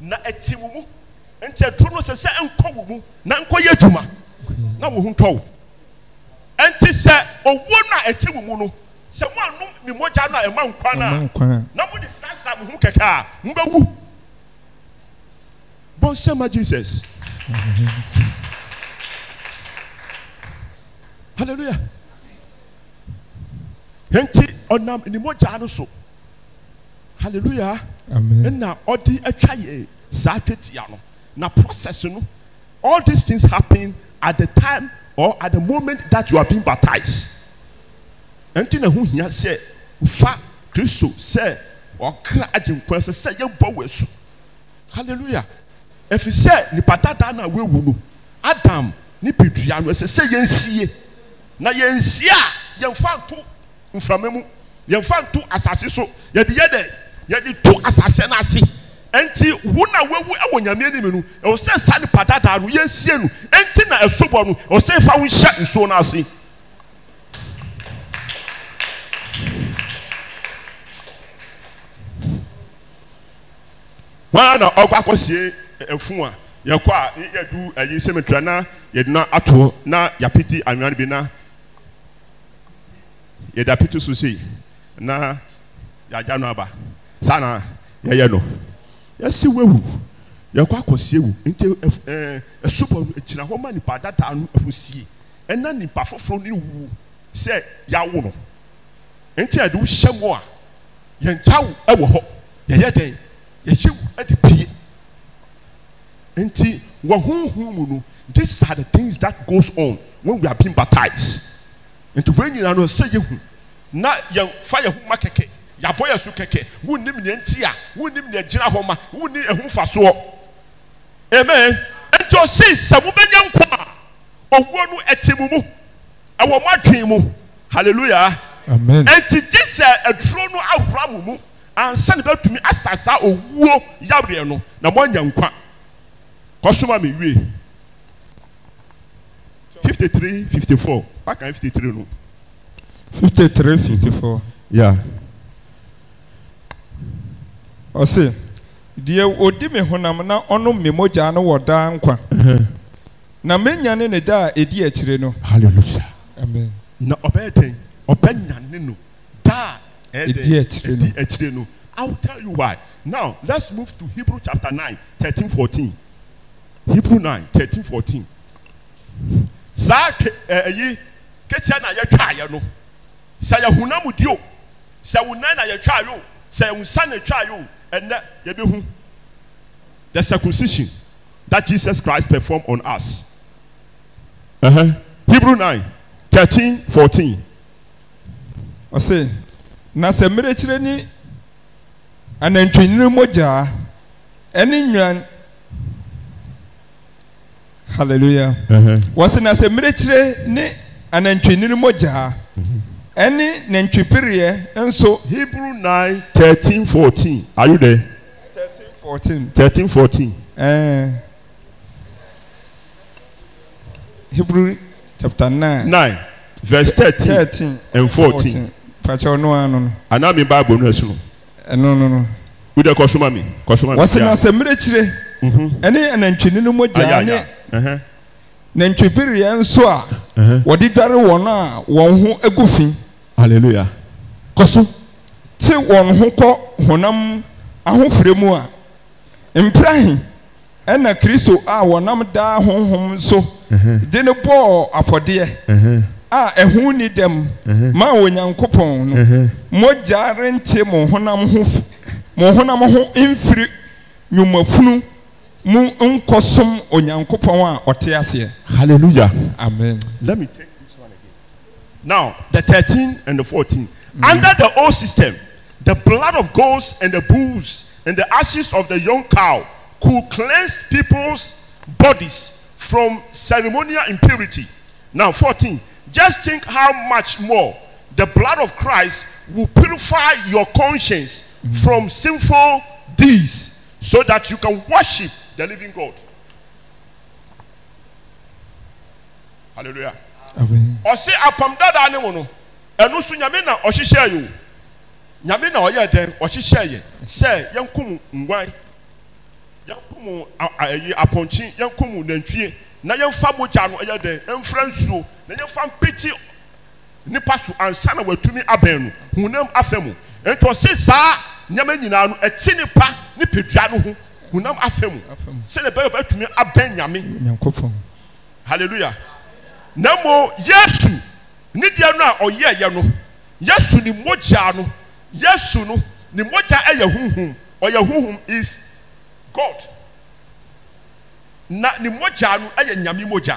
na ɛte wo mu nti etu no sɛ sɛ nkɔ wo mu na nkɔ yɛ adwuma na wo ho ntɔ wo nti sɛ owó na ɛte wo mu no sɛ mo anum mi mogya na ɛma nkwa na na mo de sinasina mo ho kɛkɛ a mo bɛ wu bɔnsɛma jesus hallelujah nti ɔnam ne mogya no so. hallelujah ɛna ɔde atwa yɛ saa twetia no na process no all these things happen at the time or at the moment that you are being baptized ɛnti na ho hia sɛ fa kristo sɛ ɔkra agyenkwa sɛ sɛ yɛbɔ wɔ asu hallelujah ɛfi sɛ nipa dada na wewu no adam ne bidua no ɛsɛ sɛ yɛnsie na yɛnsie a yɛmfa nto mframa mu yɛmfa nto asase so yɛde yɛ dɛ yɛde tu asase no ase nti wo na wawu wɔ nyame anim no ɛwɔ sɛ saa nipa dadaa no yɛnsie no nti na ɛsobɔ no ɛwɔ sɛ fa wo nhyɛ nsuo no ase wọn na ɔkɔ akɔsie ɛfun a yɛkɔ a yɛdu ɛyi sɛmɛtura na yɛdu na ato na yapiti anwea bi na yɛda apiti so sei na yagya no aba saa na yɛyɛ no yɛsi wewu yɛkɔ akɔsi ewu nti ɛɛ ɛsopɔ gyina hɔ ma nipa dada no ɛfosie ɛna nipa foforɔ ne wu sɛ yawo no nti yɛde wo hyɛ mu a yɛn kyaw ɛwɔ hɔ yɛyɛ dɛn yɛhyɛ wu ɛde pie nti wɔn huhun mu no these are the things that goes on when we are being baptized nti wɔn nyinaa no sɛ yehu na yɛn fa yɛn ho ma kɛkɛ yabɔ yɛ so kɛkɛ wunnim nea nti a wunnim nea gyina hɔ ma wunni ehu fa soɔ amen nti ɔsi sɛmu bɛnya nkwa owuo no ɛte mu mu ɛwɔ mu adwene mu hallelujah amen nti gye sɛ aduro no ahora mu mu ansa ne bɛtumi asasa owuo yareɛ no na mo anya nkwa kɔsoma mi wie fifty three fifty four bakan fifty three no. fifty three fifty four. yeah. ɔse deɛ ɔdi me honam na ɔno mmemme mogya no wɔ daa nkwa na menyane ne da a ɛdi akyire no hallelujah amen na ɔbɛyɛ dɛn ɔbɛnyane no da a ɛdi akyire akyire i will tell you why now let's move to hebrew chapter nine thirteen fourteen hebrew nine thirteen fourteen saa ke ɛyi na yɛtwa ayɛ no sɛ yɛ honam sɛ na yɛtwa ayɛ o sɛ yɛ nsa na yɛtwa ayɛ o. ɛnɛ yɛbɛhu the circumcision that jesus christ performed on us uh -huh. hebrew nine thirteen fourteen. ɔse na sɛ mmerekyerɛ ni anantwinini mogyaa ɛne nnwan hallelujah uh -huh. wɔse na sɛ mmerekyerɛ ne anantwinini mogyaa. Mm -hmm. ɛne ne ntwipireɛ nso. hebrew nine thirteen fourteen are you there. thirteen fourteen. thirteen fourteen. ɛɛ eh. hebrew chapter nine. nine verse thirteen. thirteen and fourteen. pàṣẹ ọ̀nù àánú no. àná mi báàbò nù ẹ̀sùn. ẹ̀nu eh, nù nù. wúdẹ kọ́sùmá mi kọ́sùmá mi. wọ́n sin ase mmirekyire. ɛne nantwini no mo gya ne nantwipireɛ nso a wɔde dware wɔn a wɔn ho egu fin. hallelujah kɔ so te wɔn ho kɔ honam ahofire mu a mprahin ɛna kristo a wɔnam daa honhom so de ne bɔɔ afɔdeɛ a ɛho ni dɛm ma onyankopɔn no mogya rente mo honam ho mo honam ho mfiri nyumafunu mu nkɔsom onyankopɔn a ɔte aseɛ hallelujah amen let me take Now, the 13 and the 14. Mm-hmm. Under the old system, the blood of goats and the bulls and the ashes of the young cow could cleanse people's bodies from ceremonial impurity. Now, 14. Just think how much more the blood of Christ will purify your conscience mm-hmm. from sinful deeds so that you can worship the living God. Hallelujah. Amen. ɔsi apam dada ne mu no ɛnu so nyame na ɔhyehyɛ yi o nyame na ɔyɛ dɛn ɔhyehyɛ yɛ sɛ yɛn kum ngwan yɛn kum ayi apɔnkye yɛn kum nantwie na yɛn fa mogya no ɛyɛ dɛn yɛn fura nsuo na yɛn fa mpeti nipa so ansa na watumi abɛn no hunam afɛ mu nti ɔsi saa nneɛma nyinaa no ɛti nipa ne pedua no ho hunam afɛ mu sɛ ne bɛyɛ bɛtumi abɛn nyame hallelujah na mmom yesu ne deɛ no a ɔyɛɛyɛ no yesu ne mogya no yesu no ne mogya yɛ huhum ɔyɛ huhum is god na ne mogya no yɛ nyame mogya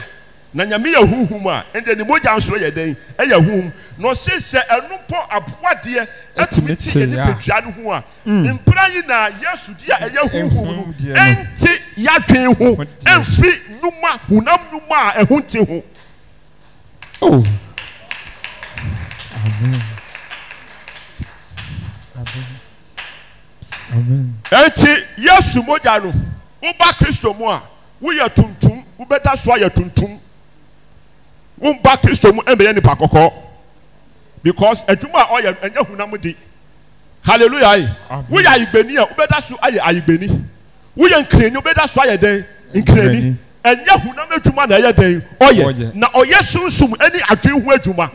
na nyame yɛ huhum a ɛnna ne mogya nso yɛ den yɛ huhum na ɔsi sɛ ɛnu pɔ aboadeɛ ɛtumi ti nipadua no ho a mm. mpira yi na yesu di a ɛyɛ huhum no ɛnti yadwin ho ɛnfi numa hunam numa a ɛho ti ho. Oh. Amen. Amen. Amen. Enti Yesu mogya no woba Kristo mu a woyɛ tuntum wobɛda so ayɛ tuntum womba Kristo mu ɛmbɛyɛ nipa kɔkɔɔ because adwuma a ɔyɛ no ɛnyɛ hunam di hallelujah woyɛ ayigbeni a wobɛda so ayɛ ayigbeni woyɛ nkireni wobɛda so ayɛ dɛn nkireni ɛnyɛ hunam adwuma na ɛyɛ den ɔyɛ na ɔyɛ sunsun ɛne adwene ho adwuma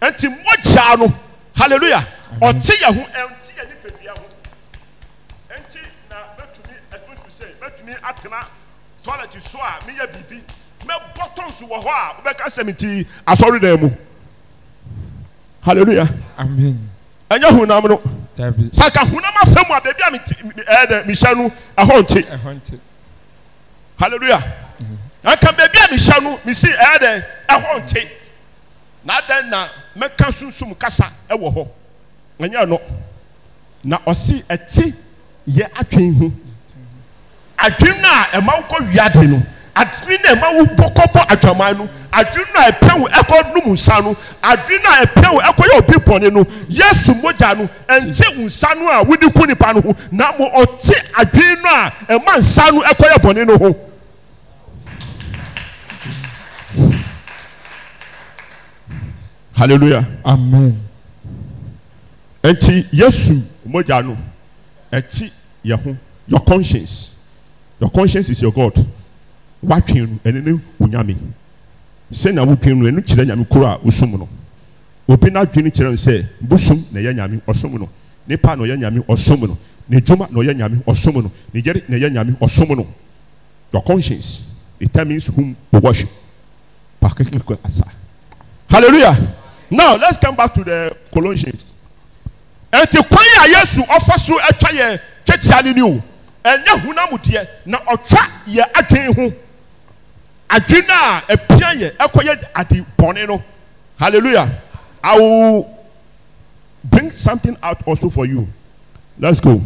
ɛnti mɔgya no hallelujah ɔte yɛ ho ɛnti yɛ nipa bia ho ɛnti na bɛtumi ɛtumi sɛ bɛtumi atena tɔlɛti so a meyɛ biribi mɛbɔ tɔnso wɔ hɔ a wobɛka sɛm ti asɔredan mu hallelujah amen ɛnyɛ hunam no saka hunam afɛ mu a beebi a mi ɛɛ dɛ mi hyɛ no ɛhɔ nti hallelujah nka beebi a mehyia no mesi ɛyɛ dɛ ɛhɔ nte na adan na mɛka sunsum kasa ɛwɔ hɔ ɛnyɛ no na ɔsi ɛti yɛ atwen ho atwen na ɛma nkɔ wiade no adwene na ɛma wo bɔkɔbɔ adwaman no adwene na ɛpɛ wo ɛkɔ num nsa no adwene na ɛpɛ wo ɛkɔ yɛ obi bɔne no yesu mogya no ɛnte nsa no a wodi ku nipa no ho na mo ɔte adwene no a ɛma nsa no ɛkɔ yɛ bɔne no ho. hallelujah amen nti yesu mogya no ɛti yɛ ho your conscience your conscience is your god. watwe no ɛne ne wo sɛnea wotwe no ɛno kyerɛ nyame koro a wosom no obi no adwene kyerɛ sɛ na ɛyɛ nyame ɔsom no nipa na ɔyɛ nyame ɔsom no N'edwuma na ɔyɛ nyame ɔsom no na ɛyɛ nyame ɔsom no your conscience determines whom you worship particular asa hallelujah now let's come back to the colossians ɛnti kwan a yesu ɔfa so atwa yɛ ni o ɛnyɛ na ɔtwa yɛ adwene adwene a apia yɛ ɛkɔyɛ ade bɔne no hallelujah i will bring something out also for you let's go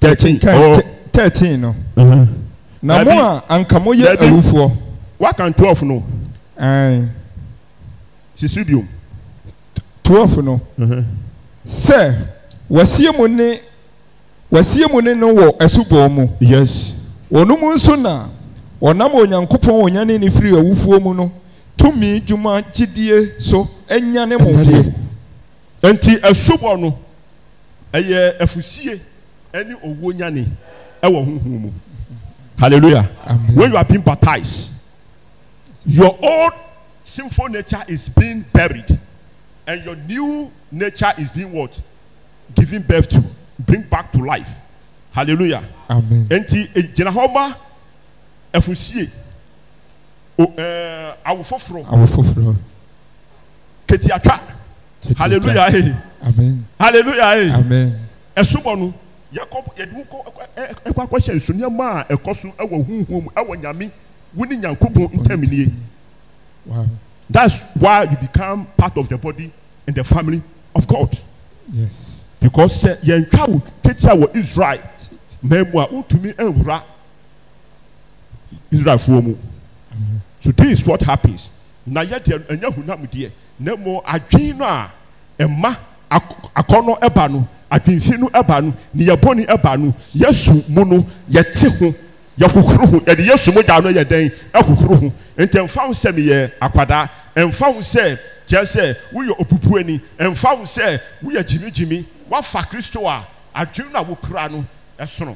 thirteen or oh. thirteen no uh-huh. na mo a anka mo yɛ awufoɔ wakan twelve no sisi biom twelve no uh-huh. sɛ wasie mu ne wasie mu ne no wɔ asubɔn mu yes wɔn mu nso na wɔnam onyankopɔn onyane ne firi awufuo mu no tumi dwuma gyidie so ɛnyane mo deɛ nti asubɔ no ɛyɛ afusie ɛne owó nyane ɛwɔ huhun mu hallelujah Amen. when you are being baptized your old sinful nature is being buried and your new nature is being what given birth to bring back to life hallelujah Amen. Eh, gyina hɔ ma ɛfusie o ɛɛ eh, awo foforɔ awo foforɔ ketiatwa hallelujah ee amen hallelujah ee amen ɛsubɔ no yɛkɔ yɛde wokɔ ɛkɔ akɔhyɛ nsonneɛma a ɛkɔ so ɛwɔ huhum ɛwɔ nyame wuni nyankopɔn ntɛminie that's why you become part of the body and the family of god yes because sɛ yɛn twa wo ketia wɔ israel na emu a wotumi nwura. israelfoɔ mu so this is what happens na yɛ deɛ ɛnyɛ hunam deɛ na mo adwin no a ɛma akɔnɔ ɛba no adwinfi no ɛba no ne yɛbɔ ne ɛba no yɛsu mu no yɛte ho yɛhohoro ho yɛde yɛsu mu gya no yɛ dɛn ɛhohoro ho nti mfa ho sɛ meyɛ akwadaa mfa ho sɛ kyerɛ sɛ woyɛ opupuani mfa ho sɛ woyɛ gyimigyimi wafa kristo a adwin no a wokura no ɛsono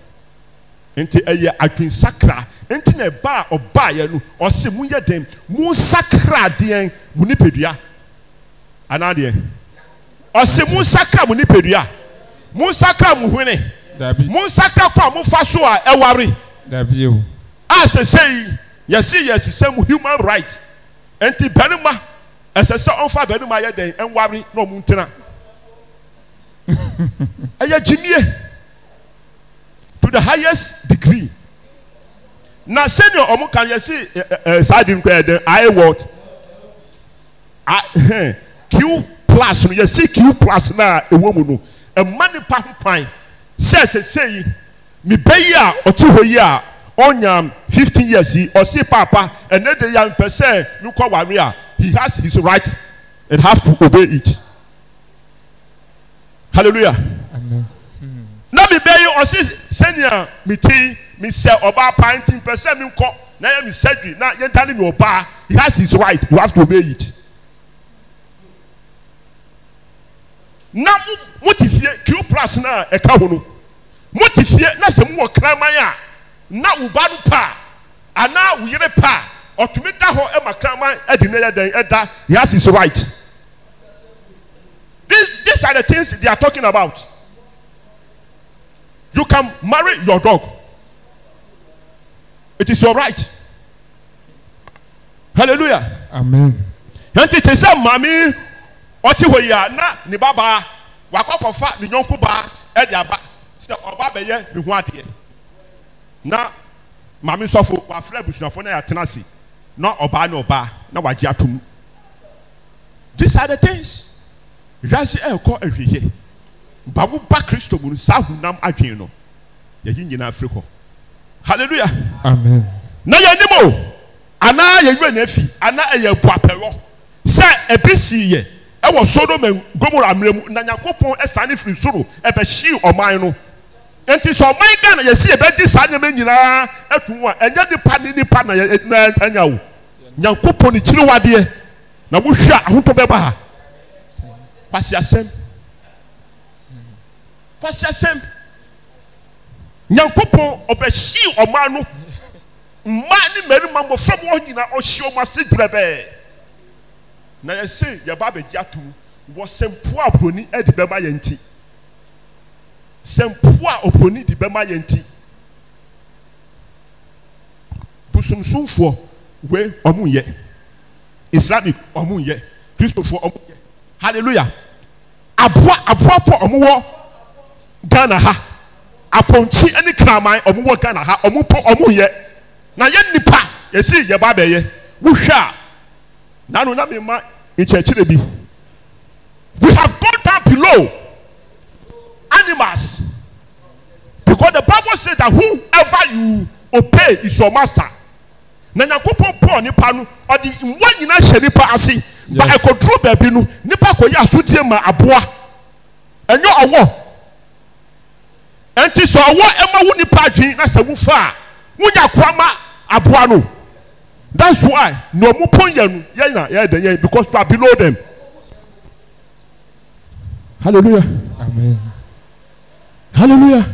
nti ɛyɛ adwinsakra nti na ɛba a ɔbaayɛ no ɔsi mu yɛ dɛm mu nsakra adeɛ mu nipadua anaadeɛ ɔsi mu nsakra mu nipadua mu nsakra mu hwene mu nsakra kɔ a mu fa so a ɛware a sɛsɛ yi yɛsi yɛsi sɛ mu human right nti bɛrima ɛsɛ sɛ ɔnfa bɛrima yɛ dɛm ɛnware na ɔmu ntena ɛyɛ gyimie to the highest degree na sɛnea ɔmo kan yɛ si ɛɛ saa di nkɔ yɛ dɛ i what i eh, q plus no yɛ si q plus na ɛwɔ mu no ɛma nipa ho pan sɛ sɛsɛ yi mi bɛ yi a ɔte hɔ yi a ɔnyam fifteen years yi ɔsi paapa ɛnɛ de ya mpɛ sɛ nukɔ wari a he has his right and have to obey it hallelujah na mi bɛ yi ɔsi sɛnea mi ti mi sɛ ɔbaa paa nti mpɛ sɛ mi nkɔ na yɛ mi surgery na yɛn ta mi ɔbaa he has his right you have to obey it. na mo mo ti fie q plus na ɛka ho no mo ti fie na sɛ mo wɔ kraman a na wo ba no pa anaa wo yere pa ɔtumi da hɔ ɛma kraman ɛdi ne yɛ dɛn ɛda he has his right. These, these are the things they are talking about. You can marry your dog it is your right hallelujah amen yẹn ti ti sẹ maami ọtí wọ yìí a na ní bàbá wakọkọ fa ní nyọnko ba ẹdi e aba sẹ ọba bẹ yẹ ní hu adiẹ na maami sọfo wàfẹ busuafo náà yà tẹná sí na ọbaa ní ọbaa na wàgye atum these are the things wiase ẹ kọ ẹhwẹ yẹ bàbá kristo mu sáà hunam adwene no yẹ yí nyinaa firi hɔ hallelujah amen na yɛn nim Ana anaa yɛ wura na efi anaa ɛyɛ ɛpo apɛwɔ sɛ ebi si yɛ ɛwɔ sodom gomora amena mu na nyakopɔn ɛsane firi soro ɛbɛhyi ɔman no nti sɛ ɔman ghana yɛsi yɛbɛgye saa nneɛma nyinaa ɛtu mu a ɛnyɛ nipa ne nipa na ɛnya o nyakopɔn ne kyiri wadeɛ na wohwɛ a ahotɔ bɛba ha kwasi asɛm kwasi asɛm nyankopɔn ɔbɛhyi ɔmaa no mmaa ne mmarima mmɔfra mu nyinaa ɔhyɛ ɔmo ase dɛrɛbɛɛ na yɛse yɛba abɛgye atom wɔ sɛmpoa a obroni de bɛma yɛn ti sɛmpoa a obroni de bɛma yɛn ti busumsumfoɔ wei ɔmo yɛ islamic ɔmo yɛ kristofoɔ ɔmo yɛ hallelujah aboa aboa pɔ ɔmo wɔ ghana ha. apɔnkye ne kraman ɔmo wɔ ghana ha ɔmo po ɔmo yɛ na yɛ nipa yɛsi yɛ ba bɛyɛ wohwɛ a nanu na mi ma nkyɛnkyerɛ bi we have gone down below animals because the bible says that whoever you obey is your master na nyakopɔn paul nipa no ɔde nwa nyinaa hyɛ nipa ase ba ɛkɔduro baabi no nipa kɔ yɛ asodie ma aboa ɛnyɛ ɔwɔ. nti sɛ ɔwɔ ɛma wo nipa adwin na sɛ wofa a wonya koama aboa no that's why na ɔmo pon yɛ no yɛn na yɛ dɛ yɛn because we below them hallelujah amen hallelujah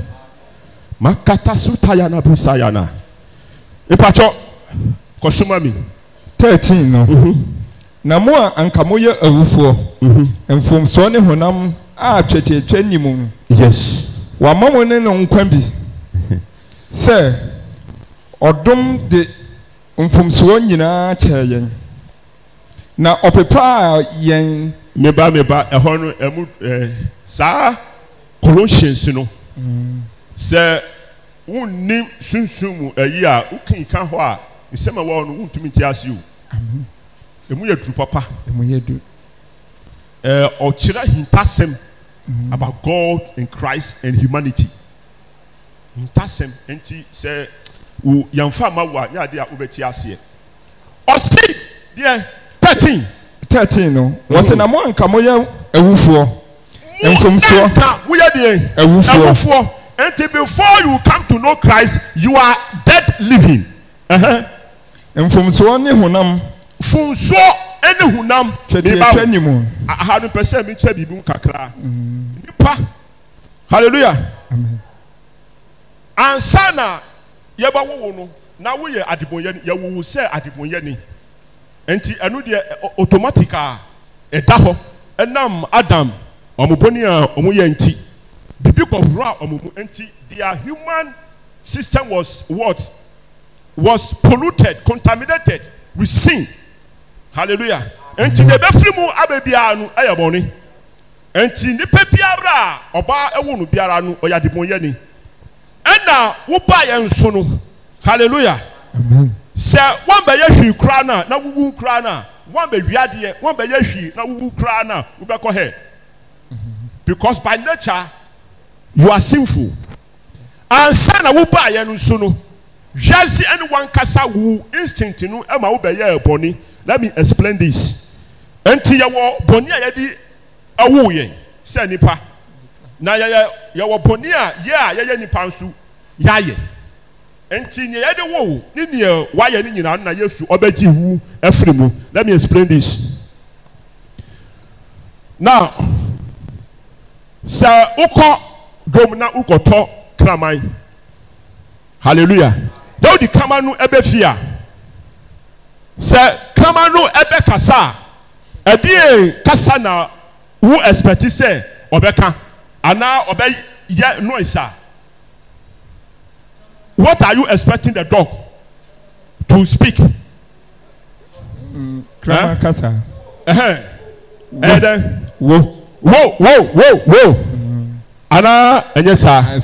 makata sutaya na busaya na ipatsɔ kɔsuma mi. thirteen no. Mm -hmm. na mo a anka moyɛ awufoɔ. mfomsoɔ mm-hmm. ne honam a twɛtwɛtwɛ nim. yes wama mo ne no nkwa bi sɛ ɔdom de mfomsoɔ nyinaa kyɛɛ yɛn na ɔpepa a yɛn. meba meba ɛhɔ no ɛmu ɛɛ saa colossians no sɛ wunni sunsun mu ɛyi a wukin ka hɔ a nsɛm a no wuntumi ti ase o ɛmu yɛ duru papa ɛmu yɛ duru ɛɛ ɔkyerɛ hintasɛm. -hmm. about God and Christ and humanity. Ntasɛm nti sɛ wo yɛnfa ma wo a nyɛ adeɛ a wobɛti aseɛ. Ɔsi deɛ thirteen. thirteen no mm. wọ́n sẹ́ na mo anka mo yẹ ewufoɔ nfomsoɔ ewufoɔ. until before you come to know Christ you are dead living. nfomsoɔ ni hunam. funsoɔ ɛne hunam. tètè twɛ ni mu. ahanu pɛsɛ mi twɛ biribi mu kakra. Mm-hmm. nipa hallelujah. ansa na yɛbɛ wowo no na woyɛ adibonyɛni yɛwowo sɛ adibonyɛni nti ɛnu deɛ e, automatic a ɛda hɔ ɛnam adam wɔn bɔnni a wɔn yɛ nti bibi kɔhoro a wɔn mu nti their human system was what was polluted contaminated with sin. hallelujah nti na ebefiri mu aba biara no ɛyɛ bɔnni nti nipa biara a ɔbaa ɛwɔ no biara no ɔyɛ adebɔnyɛni ɛna woba yɛn so no hallelujah sɛ wɔn bɛyɛ hwii kura na na wuwu kura na wɔn bɛ wia deɛ wɔn bɛyɛ hwii na wuwu kura na wobɛkɔ hɛ because by nature you are sinful ansa na woba yɛn so no wiase ɛne wɔn kasa wu instinct no ɛma wobɛyɛ ɛbɔnne. let me explain this nti yɛwɔ bɔnni a yɛde awo yɛn sɛ nipa na yɛyɛ yɛwɔ bɔnni a yɛ a yɛyɛ nipa nso yɛayɛ nti nea yɛde wo ni nea wayɛ ni nyinaa na yesu ɔbɛgye wu ɛfiri mu let me explain this now sɛ wokɔ dom na wokɔtɔ kraman hallelujah dawudi kraman no ɛbɛ fia sɛ kama no ɛbɛ kasa a ɛdeɛ kasa na wo ɛspɛti sɛ ɔbɛka anaa ɔbɛyɛ noise a what are you expecting the dog to speak. Kama mm, kraman eh? kasa. ɛhɛn wo wo wo wo wo. Mm. anaa ɛnyɛ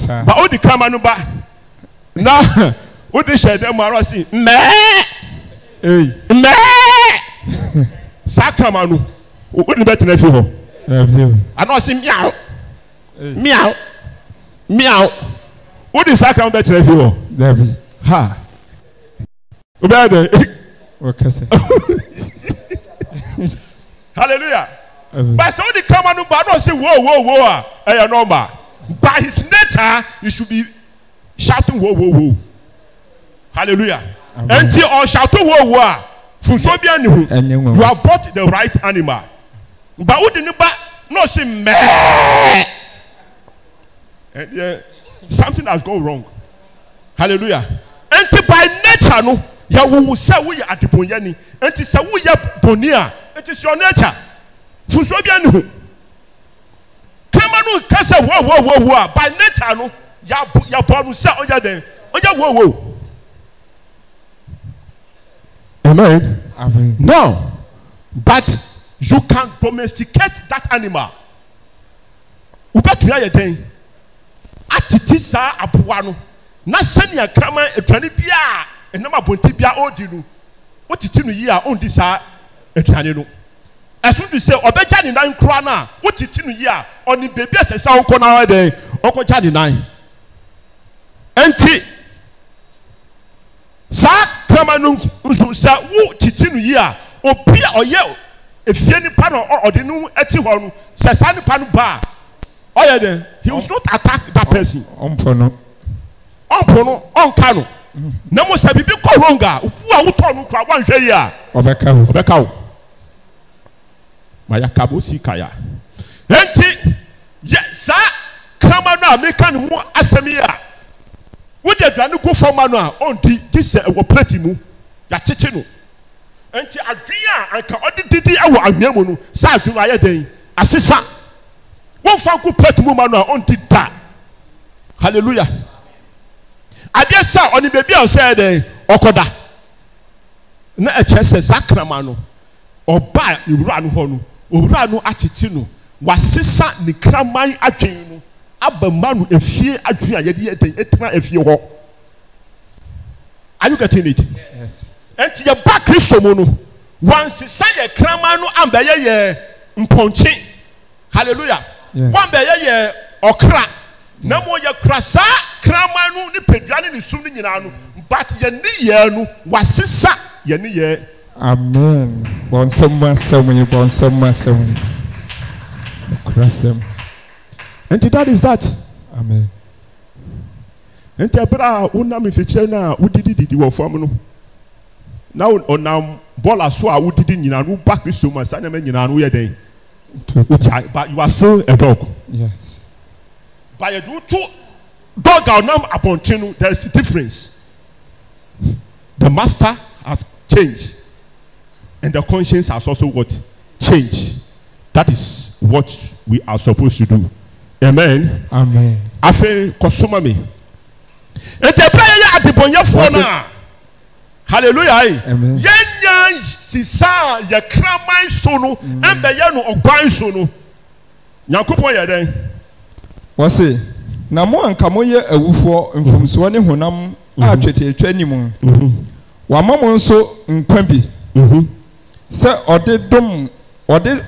saa ba o di kama no ba na o di hyɛ dɛ mu arɔ si mɛɛ mɛɛ saa krama no o de bɛ tena fi hɔ ana ɔsi miaw miaw miaw o de saa krama bɛ tena fi hɔ ha o bɛ yɛ dɛ. o hallelujah but sɛ o de krama no ba ana ɔsi wo wo wo a ɛyɛ nɔɔma by his nature he should be shouting wo wo wo hallelujah nti ɔhyɛto wo wo a funsuo bi ani ho you have bought the right animal ba wodi ne ba na ɔsi something has gone wrong hallelujah nti by nature no yɛwowo sɛ woyɛ adebonyɛni nti sɛ woyɛ boni a nti sɛ nature funsuo bi ani ho kama no kasa wo wo wo wo a by nature no yɛbɔ no sɛ ɔyɛ dɛn ɔyɛ wo wo. Amen. Amen. Now, but you can domesticate that animal. Wobɛtumi ayɛ dɛn? Atete sa aboa no. Na sɛnea kraman aduane bia a ɛnam abɔnten bia ɔredi no, wotete no yie a ɔndi saa aduane no. Ɛso de sɛ ɔbɛgya ne nan koraa no a wotete no yie a ɔne beebi a sɛsɛ ɔkɔ no ayɛ dɛn? Ɔkɔgya ne nan. Nti saa prama no nso sɛ wo kyikyi no yie a obi a ɔyɛ efie nipa na ɔde no ɛte hɔ no sɛ saa nipa no ba ɔyɛ dɛ he was not attack that person. ɔmpo no ɔmpo no ɔnka no na mo sɛ bibi kɔ wrong a wu a wotɔ no kura wanhwɛ yie a. ɔbɛka wo ɔbɛka wo maya kabo si kaya enti yɛ saa krama no a meka ne ho asɛm yi a de aduane gu fam ano a ɔndi gye sɛ ɛwɔ plɛti mu yɛakyekye no nti adwene a anka ɔde didi ɛwɔ anwea mu no saa adwene ayɛ den asesa wɔmfa nko plɛti mu ma no a ɔndi da hallelujah adeɛ sɛ ɔne baabi a ɔsɛ dɛn ɔkɔda na ɛkyerɛ sɛ saa krama no ɔbaa ewura no hɔ no owura no akyekye no wasesa ne kraman adwene no aba mma efie adwene a yɛde yɛde etena efie hɔ are you getting it yes ɛnti yɛ ba kristo mu no wansesa yɛ kraman no ambɛyɛ yɛ mpɔnkye hallelujah yes wambɛyɛ yɛ ɔkra mm. na mo yɛ kura saa kraman no ne pedua ne ne sum ne nyinaa no but yɛn ni yɛn no wasesa yɛn ni yɛn. amen bɔnsɛm mu asɛm yi bɔnsɛm mu asɛm yi ɔkura sɛm nti that is that amen nti ebere a wonam nfikyire no a wodidi didi wɔ fam no na ɔnam bɔɔla so a wodidi nyinaa no ba kristu mu a saa nneɛma nyinaa no yɛ dɛn wogya but you are still a dog yes but yɛde wotu dog a ɔnam abɔnten no there is a difference the master has changed and the conscience has also what changed that is what we are supposed to do amen amen afei kɔsoma mi nti ebire yɛ yɛ adibɔnyɛfoɔ na hallelujah yi yɛn nya sisa yɛ kraman so no ɛnbɛ mm. yɛ no ɔgwan so no nyankopɔn yɛ dɛn. wɔsi na mo anka mo yɛ awufoɔ mfomsoɔ ne honam a mm-hmm. twetiatwa ni mu mm-hmm. wama mo nso nkwa bi mm-hmm. sɛ ɔde dom ɔde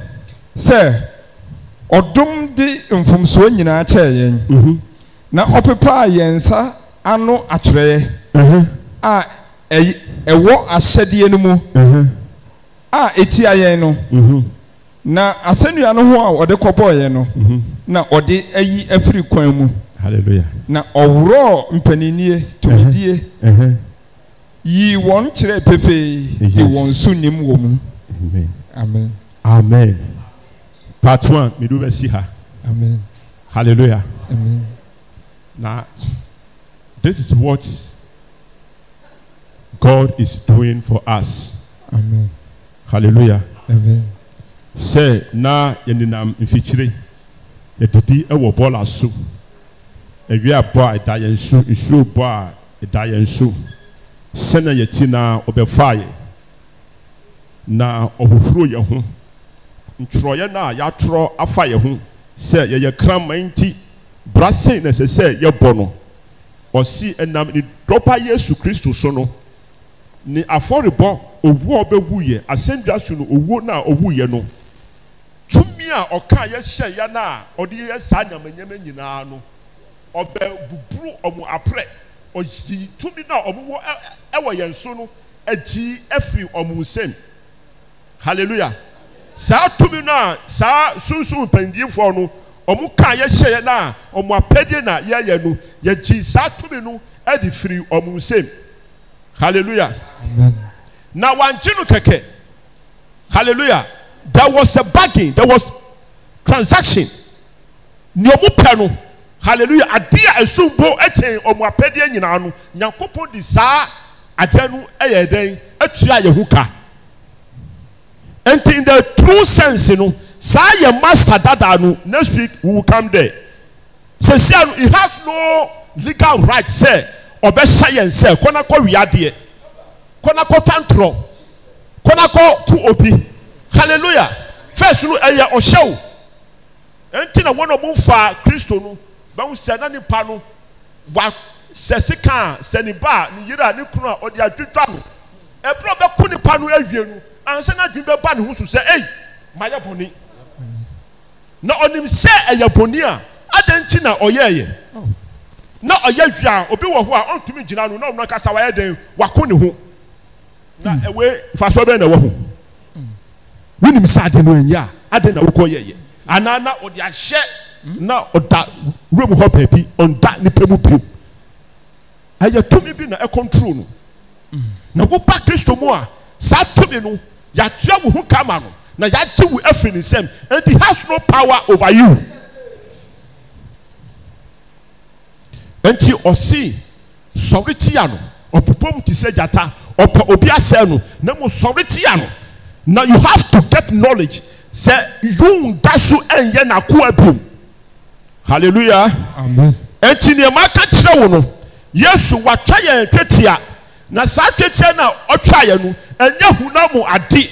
sɛ. Ọdụm dị mfumsuo nyinaa kyɛɛ yɛn mhm. na ɔpepaa yɛn nsa ano atwere mhm. a ɛwɔ ahyɛdeɛ no mu mhm. a eti a yɛn no na asɛnnua no ho a ɔde kɔbɔɔeɛ no na ɔde ayi afiri kwan mu na ɔworɔɔ mpaninnie tumidie Yi wɔn kyerɛ pefee de wɔn so n'im wɔ mu amen part one mìíràn bɛ si ha Amen. hallelujah Amen. na this is what God is doing for us Amen. hallelujah Amen. sɛ na yɛnenam mfikyire yɛdidi ɛwɔ bɔɔla so awia bɔ a ɛda yɛn so nsuo bɔ a ɛda yɛn so sɛnɛ yɛti na ɔbɛfa yɛ na ɔhohoro yɛn ho. ntwerɛeɛ no a yɛatwerɛ afa yɛ ho sɛ yɛyɛ kraman nti bra na ɛsɛ sɛ yɛbɔ no ɔsi ɛnam ne dɔpa yesu kristo so no ne afɔrebɔ owuo a ɔbɛwuiɛ asɛndua so no owuo no a ɔwuiɛ no tumi a ɔka yɛhyɛ yɛ no a ɔde yɛ saa nyamanyama nyinaa no ɔbɛ buburu ɔmo aprɛ ɔyi tumi no a ɔmo wɔ ɛwɔ yɛn so no agyi afiri ɔmo nsam hallelujah saa tumi no a saa sunsun mpanyinfoɔ no wɔn kaa yɛhyɛ yɛ na wɔn apɛdeɛ na yɛyɛ no yɛgye saa tumi no de firi wɔn nsam hallelujah na wankye no kɛkɛ hallelujah there was a bargain there was transaction nea wɔn pɛ no hallelujah adeɛ a ɛsum bo kyɛn wɔn apɛdeɛ nyinaa no nyankopɔn de saa adeɛ no yɛ den atua yɛn ho ka nti in the true sense no saa yɛ master dada no next week we will come there sɛsia no he has no legal right sɛ ɔbɛhyɛ yɛn sɛ kɔnakɔ wiadeɛ kɔnakɔ tantrɔ kɔnakɔ ku obi hallelujah first no ɛyɛ ɔhyɛw nti na wɔn a wɔnfa kristo no bɛn sɛ na nipa no wa sɛ sika sɛ ne ba ne yere a ne kunu a ɔde adwitwa no ɛbrɛ ɔbɛko nipa no awie no ansa na adwene ba ne ho so sɛ ei mayɛ bɔne na ɔnim sɛ ɛyɛ bɔne a adan nti na ɔyɛɛyɛ na ɔyɛ wia obi wɔ hɔ a ɔntumi gyina no na ɔmo kasa wayɛ den wako ne ho na hmm. ɛwɛ faso bɛyɛ na ɛwɔ ho hmm. wonim sɛ adan no ɛnyɛ a adan na wokɔ yɛɛyɛ anaa na ɔde ahyɛ hmm. na ɔda wuram hɔ baabi ɔnda nipa mu biom ɛyɛ tumi bi na ɛkɔntro no na woba kristo mu a saa tumi no yàtúrà wò ho kama no na yàtí wò efi ne nsam and he has no power over you nti ɔsi sɔre tia no ɔpopom ti sɛ gyata ɔpɛ obi asɛ no na mo sɔre tia no na you have to get knowledge sɛ yun da so ɛnyɛ n'ako abom hallelujah amen nti nneɛma aka kyerɛ wo no yesu watwa yɛn twetia na saa twetia na ɔtwa yɛn no ɛnyɛ honam ade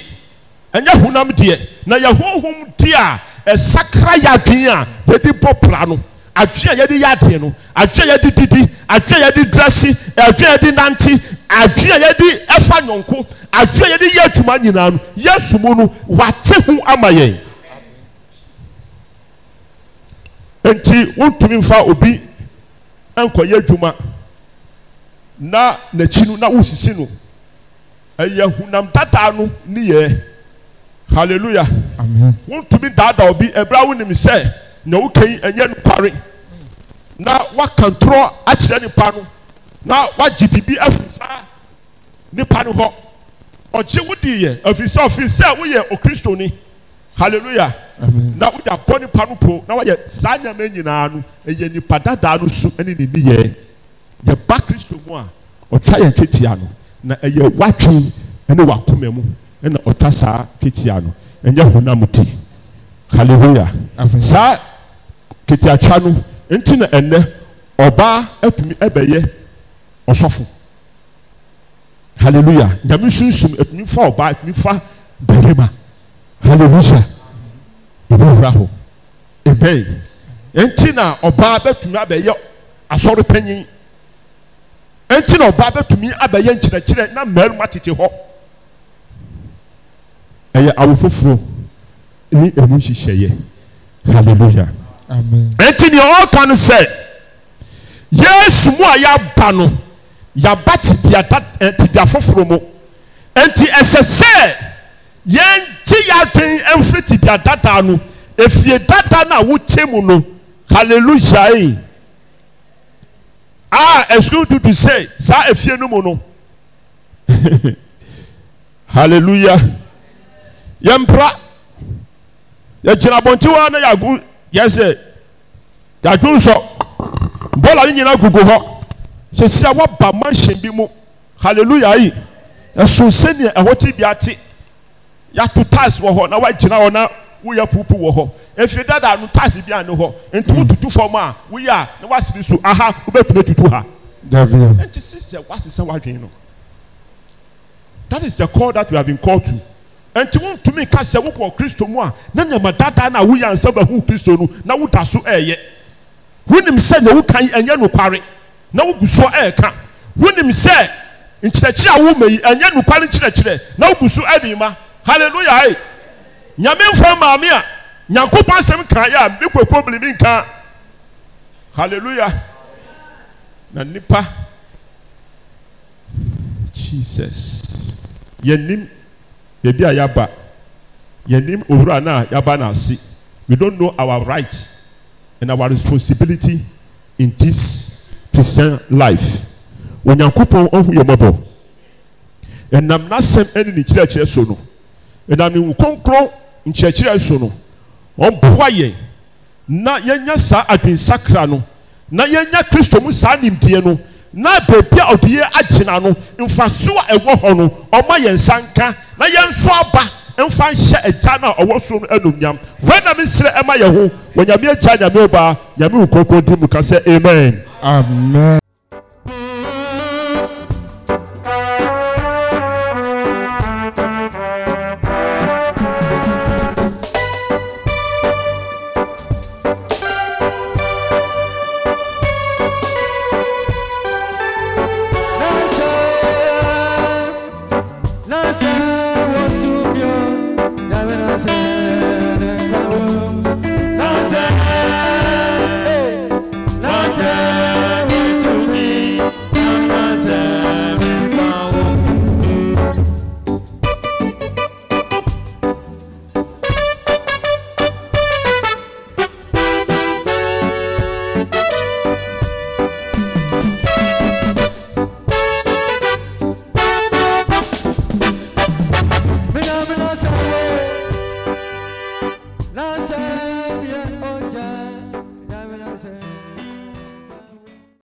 ɛnyɛ honam deɛ na yɛ honhom deɛ a ɛsakra e yɛ adwene a yɛde bɔ pra no adwene a yɛde yɛ no adwene a yɛde didi adwene a yɛde drɛsi adwene a yɛde nante adwene a yɛde ɛfa nyɔnko adwene a yɛde yɛ adwuma nyinaa no yɛsu mu no wate ho ama yɛn nti wontumi nfa obi nkɔyɛ adwuma na n'akyi no na wosisi no ɛyɛ hunam tata no ne yɛ hallelujah wontumi daadaa obi ɛbra wonim sɛ na wokan ɛnyɛ nokware na waka ntorɔ akyerɛ nipa no na wagye biribi afiri saa nipa no hɔ ɔgye wodi yɛ afiri sɛ ɔfiri sɛ woyɛ okristoni hallelujah na wode abɔ nipa no po na wayɛ saa nneɛma nyinaa no ɛyɛ nipa dadaa no so ɛne ne niyɛ yɛba kristo mu a ɔtwa yɛn twetia no na ɛyɛ w'atwe ɛne w'akoma mu ɛna ɔtwa saa ketewa no ɛnyɛ honam ti hallelujah saa keteatwa no nti na ɛnɛ ɔbaa atumi ɛbɛyɛ ɔsɔfo hallelujah nyame sunsun atumi fa ɔbaa atumi fa barima hallelujah ebi wura hɔ amen nti na ɔbaa bɛtumi abɛyɛ asɔre panyin nti na ɔbaa bɛtumi abɛyɛ nkyerɛkyerɛ na mmarima tete hɔ ɛyɛ awo foforɔ ne ɛmu nhyehyɛeɛ hallelujah amen nti nea ɔreka no sɛ yesu mu a yɛaba no yɛaba tibia da ɛ tibia foforɔ mu nti ɛsɛ sɛ yɛn gye yɛadwen mfiri tibia dada no efie dada no a wote mu no hallelujah yi a ɛsukuu tutu se? Sa efie no no hallelujah yɛn pra yɛgyina abɔnten wa na yɛagu yɛn sɛ yɛadwo nsɔ bɔɔla ne nyinaa gugu hɔ sisi a waba mansion bi mu hallelujah yi ɛso sɛnea ɛhɔ ti bi ate yɛato tiles wɔ hɔ na wɔagyina hɔ na woyɛ pupu wɔ hɔ efi dada no taasi bi ano hɔ ntumu hmm. tutu fam a woyɛ a na wasiri so aha wobɛpire tutu ha. dabi. nti sisɛ wasisa wadwin no that is the call that we have been called to nti mu ntumi ka sɛ wokɔ kristo mu a na nyama dada na woyɛ ansa bɛhu kristo no na woda so ɛɛyɛ wonim sɛ na wokan ɛnyɛ nokware na wogu so ɛɛka wonim sɛ nkyerɛkyerɛ a woma yi ɛnyɛ nokware nkyerɛkyerɛ na wogu so ɛde ma hallelujah nyame nfa maame a nyankopɔn asɛm kan yɛ a mi kɔ ekobili nka hallelujah na nipa jesus yɛnim beebi a yaba yɛnim owura na yaba na ase we don't know our right and our responsibility in this christian life onyankopɔn ɔhu yɛ mɔbɔ ɛnam n'asɛm ɛne ne kyerɛkyerɛ so no ɛnam ne nkonkron nkyerɛkyerɛ so no ɔmboa yɛn na yɛnya saa adwensakra no na yɛnya kristo mu saa nimdeɛ no na beebi a ɔde yɛ agyina no mfaso a ɛwɔ hɔ no ɔma yɛn nsa nka na yɛn nso aba mfa nhyɛ agya no a ɔwɔ so no anuonyam wɔn na mesrɛ ɛma yɛn ho wɔn nyame agya nyame ɔbaa nyame wukoko di mu ka sɛ amen. amen.